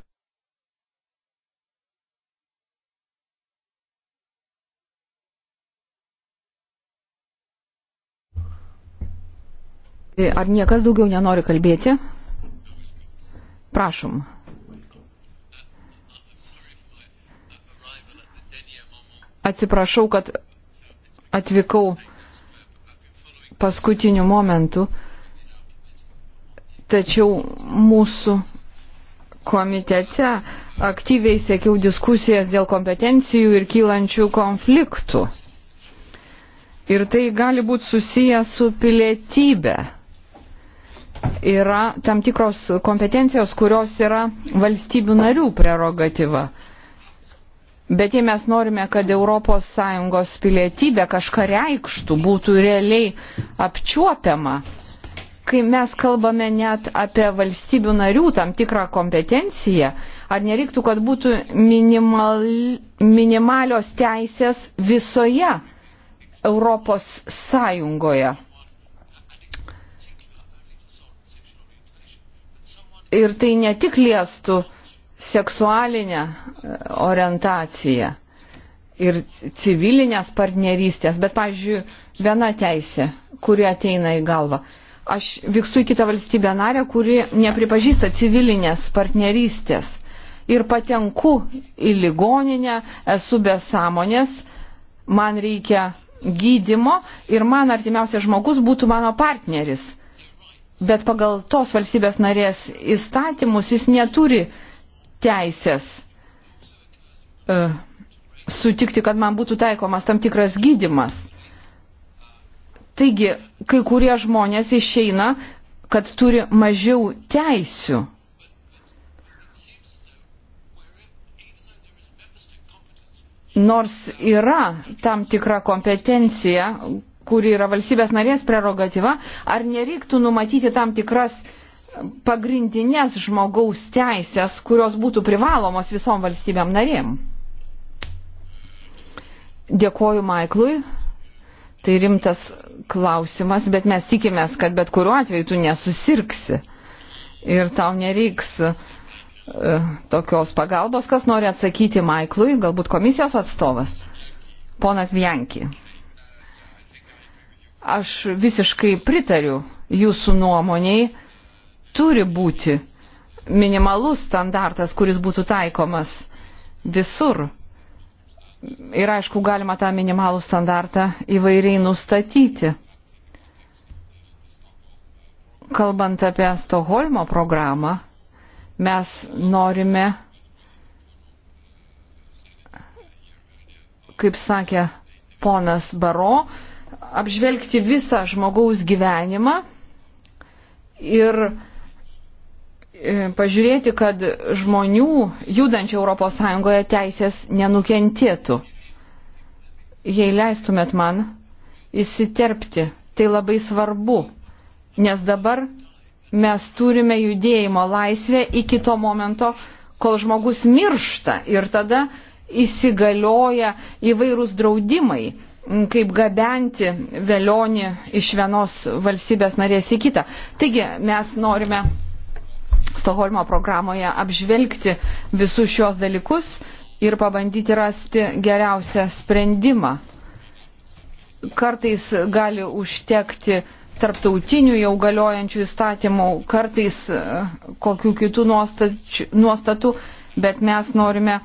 Ar niekas daugiau nenori kalbėti? Prašom. Atsiprašau, kad atvykau paskutiniu momentu, tačiau mūsų komitete aktyviai sėkiau diskusijas dėl kompetencijų ir kylančių konfliktų. Ir tai gali būti susiję su pilietybė yra tam tikros kompetencijos, kurios yra valstybių narių prerogatyva. Bet jei mes norime, kad ES pilietybė kažką reikštų, būtų realiai apčiuopiama, kai mes kalbame net apie valstybių narių tam tikrą kompetenciją, ar nereiktų, kad būtų minimal, minimalios teisės visoje Europos Sąjungoje? ir tai ne tik liestų seksualinę e, orientaciją ir civilinės partnerystės, bet, pavyzdžiui, viena teisė, kuri ateina į galvą. Aš vykstu į kitą valstybę narę, kuri nepripažįsta civilinės partnerystės. Ir patenku į ligoninę, esu be sąmonės, man reikia gydimo ir man artimiausias žmogus būtų mano partneris bet pagal tos valstybės narės įstatymus jis neturi teisės uh, sutikti, kad man būtų taikomas tam tikras gydimas. Taigi, kai kurie žmonės išeina, kad turi mažiau teisių. Nors yra tam tikra kompetencija, kuri yra valstybės narės prerogatyva, ar nereiktų numatyti tam tikras pagrindinės žmogaus teisės, kurios būtų privalomos visom valstybėm narėm. Dėkoju Maiklui. Tai rimtas klausimas, bet mes tikimės, kad bet kuriuo atveju tu nesusirksi ir tau nereiks e, tokios pagalbos, kas nori atsakyti Maiklui, galbūt komisijos atstovas, ponas Bianki. Aš visiškai pritariu jūsų nuomoniai, turi būti minimalus standartas, kuris būtų taikomas visur. Ir aišku, galima tą minimalų standartą įvairiai nustatyti. Kalbant apie Stoholmo programą, mes norime, kaip sakė ponas Baro, apžvelgti visą žmogaus gyvenimą ir e, pažiūrėti, kad žmonių judančių ES teisės nenukentėtų. Jei leistumėt man įsiterpti, tai labai svarbu, nes dabar mes turime judėjimo laisvę iki to momento, kol žmogus miršta ir tada įsigalioja įvairūs draudimai kaip gabenti velionį iš vienos valstybės narės į kitą. Taigi mes norime Stoholmo programoje apžvelgti visus šios dalykus ir pabandyti rasti geriausią sprendimą. Kartais gali užtekti tarptautinių jau galiojančių įstatymų, kartais e, kokių kitų nuostatų, bet mes norime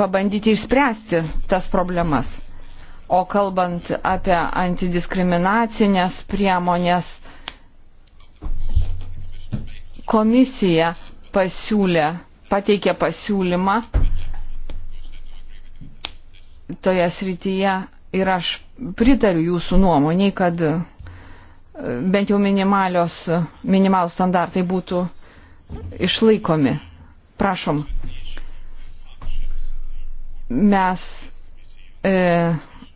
pabandyti išspręsti tas problemas. O kalbant apie antidiskriminacinės priemonės, komisija pasiūlė, pateikė pasiūlymą toje srityje ir aš pritariu jūsų nuomoniai, kad e, bent jau minimalios, minimalus standartai būtų išlaikomi. Prašom. Mes e,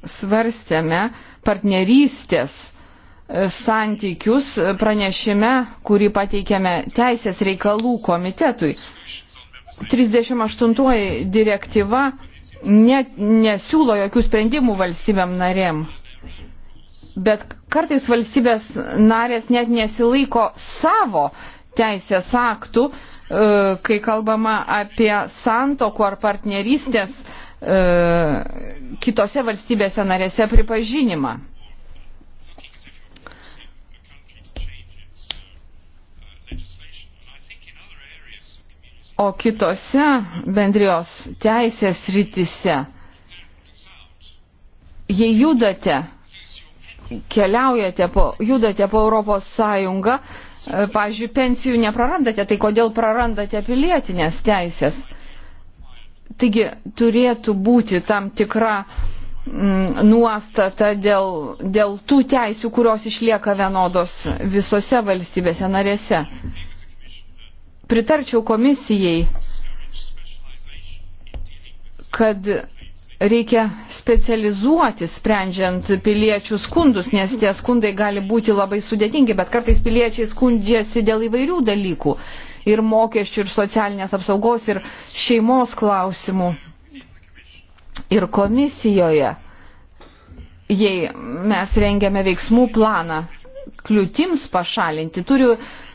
svarstėme partnerystės e, santykius pranešime, kurį pateikėme Teisės reikalų komitetui. 38 direktyva ne, nesiūlo jokių sprendimų valstybėm narėm. Bet kartais valstybės narės net nesilaiko savo teisės aktų, e, kai kalbama apie santokų ar partnerystės E, kitose valstybėse narėse pripažinimą. O kitose bendrijos teisės rytise, jei judate, keliaujate po, judate po Europos Sąjungą, e, pažiūrėjau, pensijų neprarandate, tai kodėl prarandate pilietinės teisės? Taigi turėtų būti tam tikra mm, nuostata dėl, dėl tų teisių, kurios išlieka vienodos visose valstybėse narėse. Pritarčiau komisijai, kad reikia specializuoti sprendžiant piliečių skundus, nes tie skundai gali būti labai sudėtingi, bet kartais piliečiai skundžiasi dėl įvairių dalykų ir mokesčių, ir socialinės apsaugos, ir šeimos klausimų, ir komisijoje, jei mes rengiame veiksmų planą kliūtims pašalinti, turi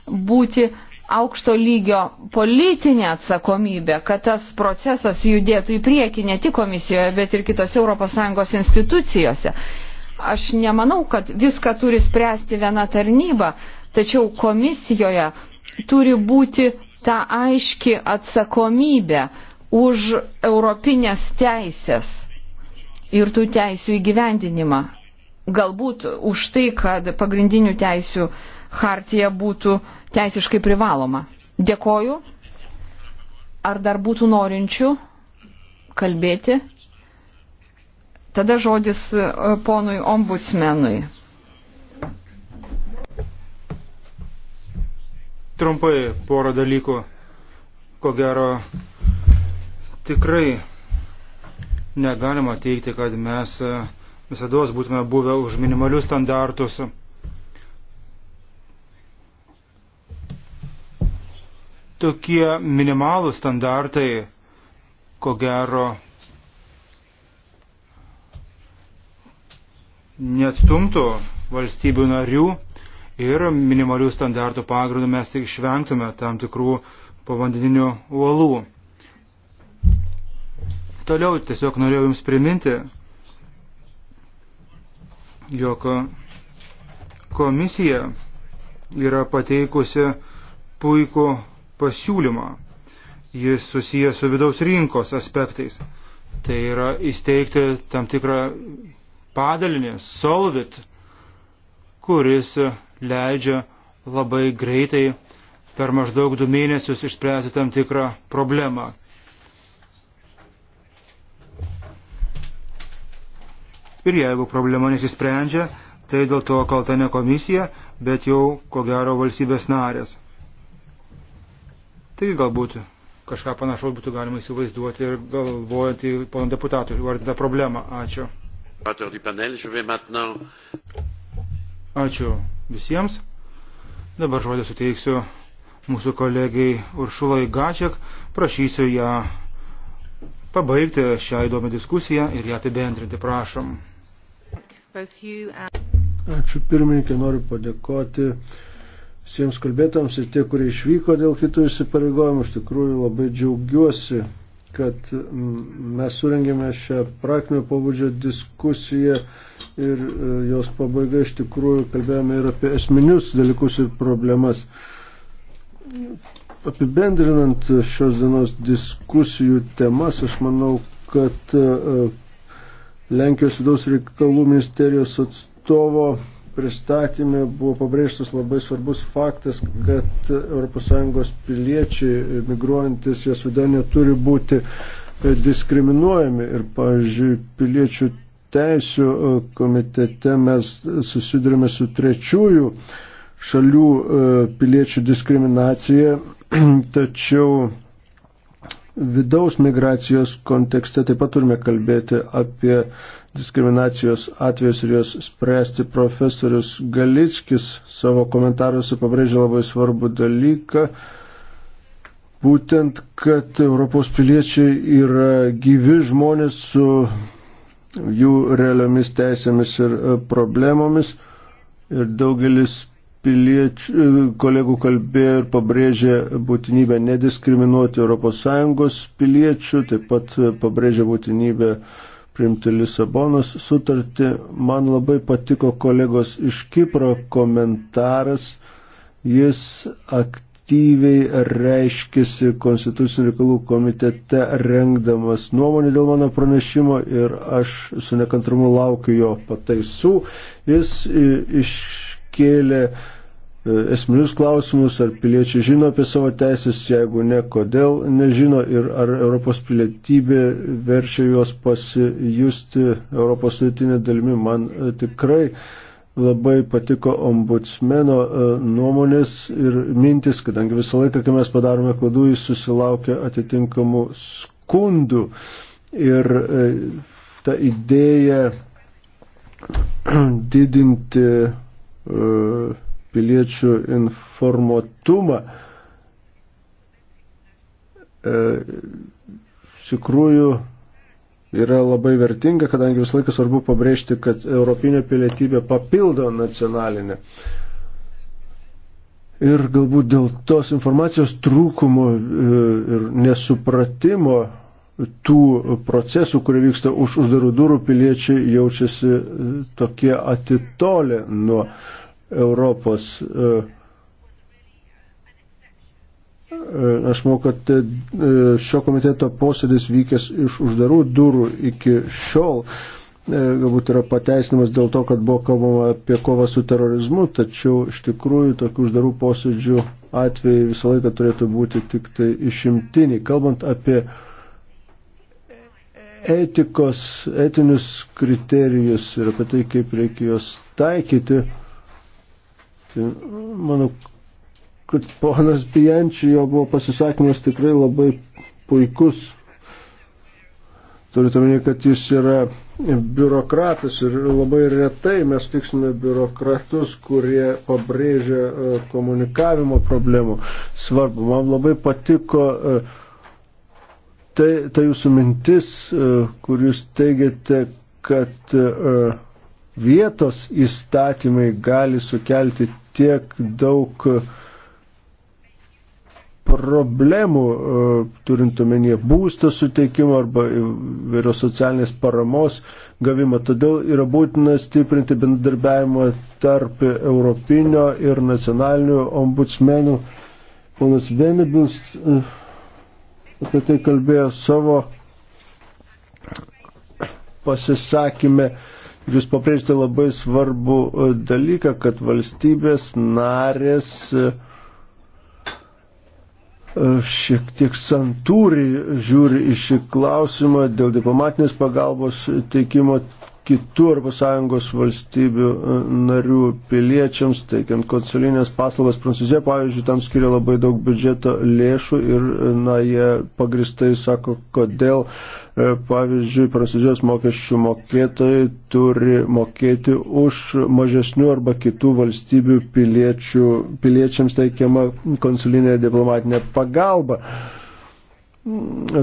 būti aukšto lygio politinė atsakomybė, kad tas procesas judėtų į priekį ne tik komisijoje, bet ir kitose ES institucijose. Aš nemanau, kad viską turi spręsti viena tarnyba, tačiau komisijoje turi būti ta aiški atsakomybė už europinės teisės ir tų teisių įgyvendinimą. Galbūt už tai, kad pagrindinių teisių hartija būtų teisiškai privaloma. Dėkoju. Ar dar būtų norinčių kalbėti? Tada žodis e, ponui ombudsmenui. Trumpai porą dalykų. Ko gero, tikrai negalima teikti, kad mes e, visada būtume buvę už minimalius standartus. Tokie minimalų standartai, ko gero, neatstumtų valstybių narių ir minimalių standartų pagrindų mes tik išvengtume tam tikrų povandeninių uolų. Toliau tiesiog norėjau Jums priminti, jog komisija yra pateikusi puikų pasiūlymą. Jis susijęs su vidaus rinkos aspektais. Tai yra įsteigti tam tikrą padalinį Solvit, kuris leidžia labai greitai per maždaug du mėnesius išspręsti tam tikrą problemą. Ir jeigu problema nesisprendžia, tai dėl to kalta ne komisija, bet jau ko gero valstybės narės. Taigi galbūt kažką panašaus būtų galima įsivaizduoti ir galvojant į poną deputatų įvardytą problemą. Ačiū. Ačiū visiems. Dabar žodį suteiksiu mūsų kolegiai Uršulai Gačiak. Prašysiu ją pabaigti šią įdomią diskusiją ir ją apibendrinti, prašom. Ačiū pirmininkė, noriu padėkoti visiems kalbėtams ir tie, kurie išvyko dėl kitų įsipareigojimų. Iš tikrųjų labai džiaugiuosi kad mes surengėme šią praktinio pobūdžio diskusiją ir e, jos pabaiga iš tikrųjų kalbėjome ir apie esminius dalykus ir problemas. Apibendrinant šios dienos diskusijų temas, aš manau, kad e, Lenkijos vidaus reikalų ministerijos atstovo pristatymė buvo pabrėžtas labai svarbus faktas, kad ES piliečiai migruojantis į Sudanę turi būti e, diskriminuojami ir, pavyzdžiui, piliečių teisų e, komitete mes susidurime su trečiųjų šalių e, piliečių diskriminacija, tačiau vidaus migracijos kontekste taip pat turime kalbėti apie diskriminacijos atvejus ir jos spręsti. Profesorius Galickis savo komentaruose pabrėžė labai svarbų dalyką, būtent, kad Europos piliečiai yra gyvi žmonės su jų realiomis teisėmis ir e, problemomis ir daugelis piliečių, e, kolegų kalbėjo ir pabrėžė būtinybę nediskriminuoti ES piliečių, taip pat e, pabrėžė būtinybę priimti Lisabonos sutartį. Man labai patiko kolegos iš Kipro komentaras. Jis aktyviai reiškėsi Konstitucinių reikalų komitete rengdamas nuomonę dėl mano pranešimo ir aš su nekantrumu laukiu jo pataisų. Jis e, iš kėlė e, esminius klausimus, ar piliečiai žino apie savo teisės, jeigu ne, kodėl nežino ir ar Europos pilietybė verčia juos pasijusti Europos sudėtinė dalimi. Man e, tikrai labai patiko ombudsmeno e, nuomonės ir mintis, kadangi visą laiką, kai mes padarome klaidų, jis susilaukia atitinkamų skundų. Ir ta idėja didinti E, piliečių informuotumą. E, iš tikrųjų yra labai vertinga, kadangi visą laiką svarbu pabrėžti, kad europinė pilietybė papildo nacionalinę. Ir galbūt dėl tos informacijos trūkumo e, ir nesupratimo tų procesų, kurie vyksta už uždarų durų, piliečiai jaučiasi e, tokie atitolę nuo Europos. E, e, aš manau, kad šio komiteto posėdis vykęs iš uždarų durų iki šiol galbūt yra pateisinamas dėl to, kad buvo kalbama apie kovą su terorizmu, tačiau iš tikrųjų tokių uždarų posėdžių atvejai visą laiką turėtų būti tik tai išimtiniai. Kalbant apie uh, etikos, etinius kriterijus ir apie tai, kaip reikia juos taikyti. Tai manau, kad ponas Bijančių jo buvo pasisakymas tikrai labai puikus. Turite omeny, kad jis yra biurokratas ir labai retai mes tiksime biurokratus, kurie pabrėžia e, komunikavimo problemų svarbu. Man labai patiko uh, Tai, tai jūsų mintis, e, kur jūs teigiate, kad e, vietos įstatymai gali sukelti tiek daug e, problemų, turint omenyje būsto suteikimo arba vėrios socialinės paramos gavimo. Todėl yra būtina stiprinti bendarbiavimą tarp europinio ir nacionalinių ombudsmenų. Ponas Venibils apie tai kalbėjo savo pasisakymę. Jūs pabrėžti labai svarbu e, dalyką, kad valstybės narės e, e, šiek tiek santūri žiūri į šį klausimą dėl diplomatinės pagalbos teikimo kitų ES valstybių e, narių piliečiams, teikiant konsulinės paslaugas. Prancūzija, pavyzdžiui, tam skiria labai daug biudžeto lėšų ir, e, na, jie pagristai sako, kodėl, e, pavyzdžiui, Prancūzijos mokesčių mokėtojai turi mokėti už mažesnių arba kitų valstybių piliečių, piliečiams teikiamą konsulinę diplomatinę pagalbą.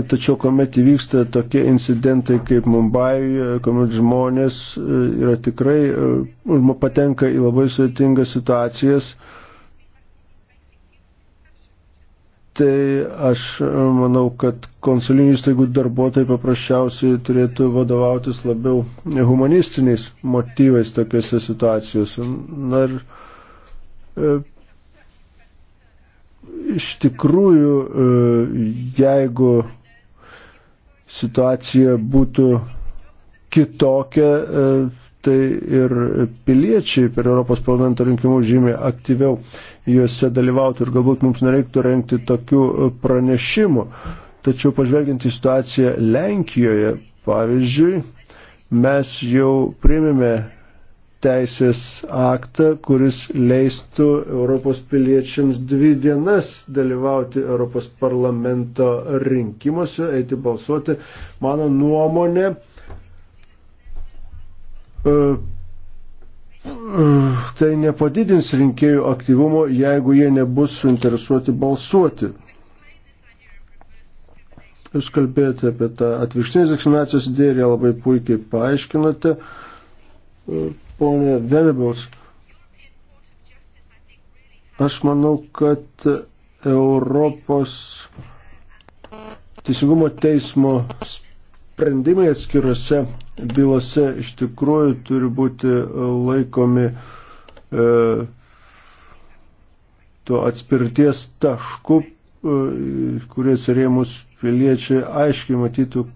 Tačiau, kuomet įvyksta tokie incidentai kaip Mumbai, kuomet žmonės e, yra tikrai e, patenka į labai sudėtingas situacijas, tai aš e, manau, kad konsulinių įstaigų darbuotojai paprasčiausiai turėtų vadovautis labiau humanistiniais motyvais tokiuose situacijose. Na ir iš tikrųjų, e, jeigu situacija būtų kitokia, e, tai ir piliečiai per Europos parlamento rinkimus žymiai aktyviau juose dalyvautų ir galbūt mums nereiktų renkti tokių e, pranešimų. Tačiau pažvelgiant į situaciją Lenkijoje, pavyzdžiui, mes jau primėme teisės aktą, kuris leistų Europos piliečiams dvi dienas dalyvauti Europos parlamento rinkimuose, eiti balsuoti. Mano nuomonė, e, e, tai nepadidins rinkėjų aktyvumo, jeigu jie nebus suinteresuoti balsuoti. Jūs kalbėjote apie tą atvirkštinės diskriminacijos idėją ir ją labai puikiai paaiškinote e, Pone Venables, aš manau, kad Europos teisingumo teismo sprendimai atskirose bylose iš tikrųjų turi būti laikomi e, to atspirties tašku, e, kurie atsirėmus piliečiai aiškiai matytų,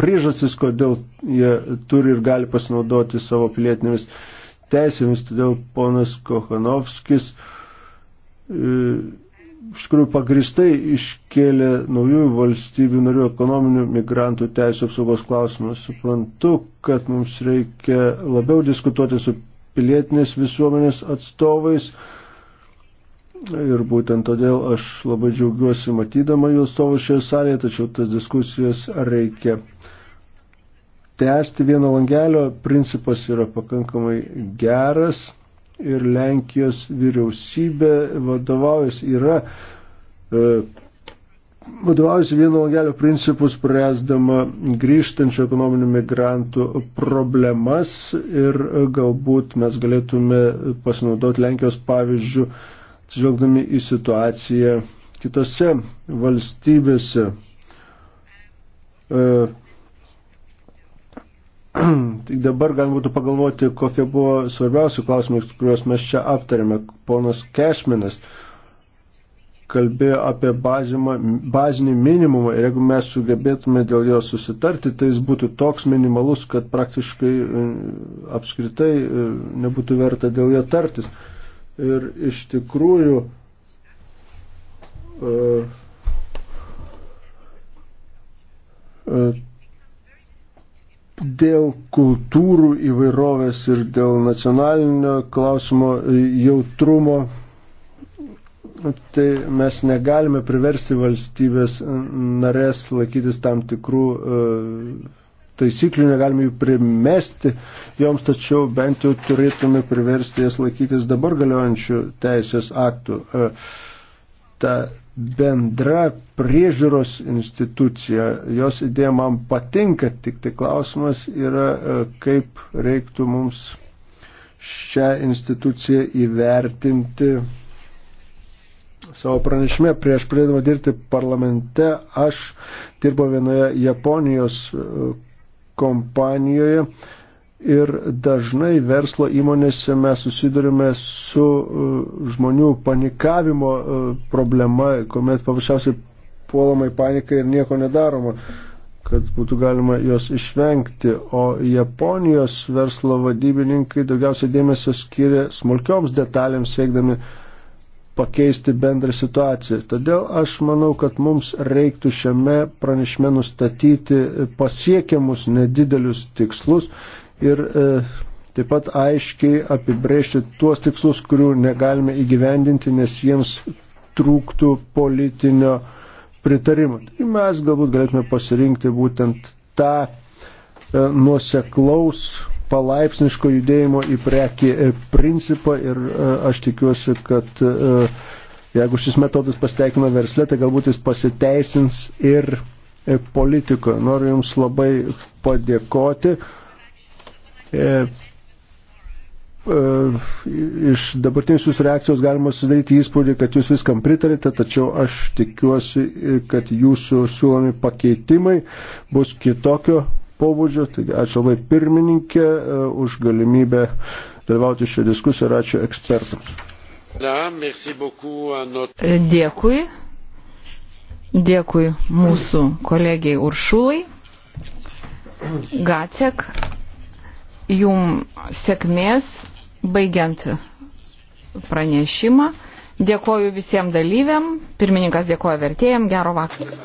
priežastis, kodėl jie turi ir gali pasinaudoti savo pilietinėmis teisėmis. Todėl ponas Kochanovskis e, iš tikrųjų pagristai iškėlė naujųjų valstybių narių ekonominių migrantų teisų apsaugos klausimus. Suprantu, kad mums reikia labiau diskutuoti su pilietinės visuomenės atstovais. Ir būtent todėl aš labai džiaugiuosi matydama jų savo šioje salėje, tačiau tas diskusijas reikia tęsti vieno langelio principas yra pakankamai geras ir Lenkijos vyriausybė vadovaujas yra e, vadovaujasi vieno langelio principus, spręsdama grįžtančių ekonominių migrantų problemas ir e, galbūt mes galėtume pasinaudoti Lenkijos pavyzdžių, atsižvelgdami į situaciją kitose valstybėse. E, Tik dabar galima būtų pagalvoti, kokie buvo svarbiausių klausimų, kuriuos mes čia aptarėme. Ponas Kešminas kalbėjo apie bazimą, bazinį minimumą ir jeigu mes sugebėtume dėl jo susitarti, tai jis būtų toks minimalus, kad praktiškai e, apskritai e, nebūtų verta dėl jo tartis. Ir iš tikrųjų. Uh, uh, dėl kultūrų įvairovės ir dėl nacionalinio klausimo e, jautrumo, tai mes negalime priversti valstybės narės laikytis tam tikrų e, taisyklių, negalime jų primesti joms, tačiau bent jau turėtume priversti jas laikytis dabar galiojančių teisės aktų. E, ta bendra priežiūros institucija. Jos idėja man patinka, tik tai klausimas yra, e, kaip reiktų mums šią instituciją įvertinti. Savo pranešime prieš pradėdama dirbti parlamente aš dirbo vienoje Japonijos e, kompanijoje, Ir dažnai verslo įmonėse mes susidurime su uh, žmonių panikavimo uh, problema, kuomet paprasčiausiai puolama į paniką ir nieko nedaroma, kad būtų galima jos išvengti. O Japonijos verslo vadybininkai daugiausiai dėmesio skiria smulkioms detalėms, siekdami pakeisti bendrą situaciją. Todėl aš manau, kad mums reiktų šiame pranešme nustatyti pasiekiamus nedidelius tikslus ir e, taip pat aiškiai apibrėžti tuos tikslus, kurių negalime įgyvendinti, nes jiems trūktų politinio pritarimo. Tai mes galbūt galėtume pasirinkti būtent tą e, nuoseklaus palaipsniško judėjimo į prekį e, principą ir e, aš tikiuosi, kad e, jeigu šis metodas pasiteikino verslė, tai galbūt jis pasiteisins ir e, politikoje. Noriu Jums labai padėkoti. E, e, iš dabartinės jūsų reakcijos galima sudaryti įspūdį, kad jūs viskam pritarite, tačiau aš tikiuosi, kad jūsų siūlomi pakeitimai bus kitokio pobūdžio. Taigi ačiū labai pirmininkė e, už galimybę dalyvauti šią diskusiją ir ačiū ekspertams. Dėkui. Dėkui mūsų kolegiai Uršulai. Gacek jum sėkmės baigiant pranešimą. Dėkoju visiems dalyviam, pirmininkas dėkoja vertėjim, gero vakaro.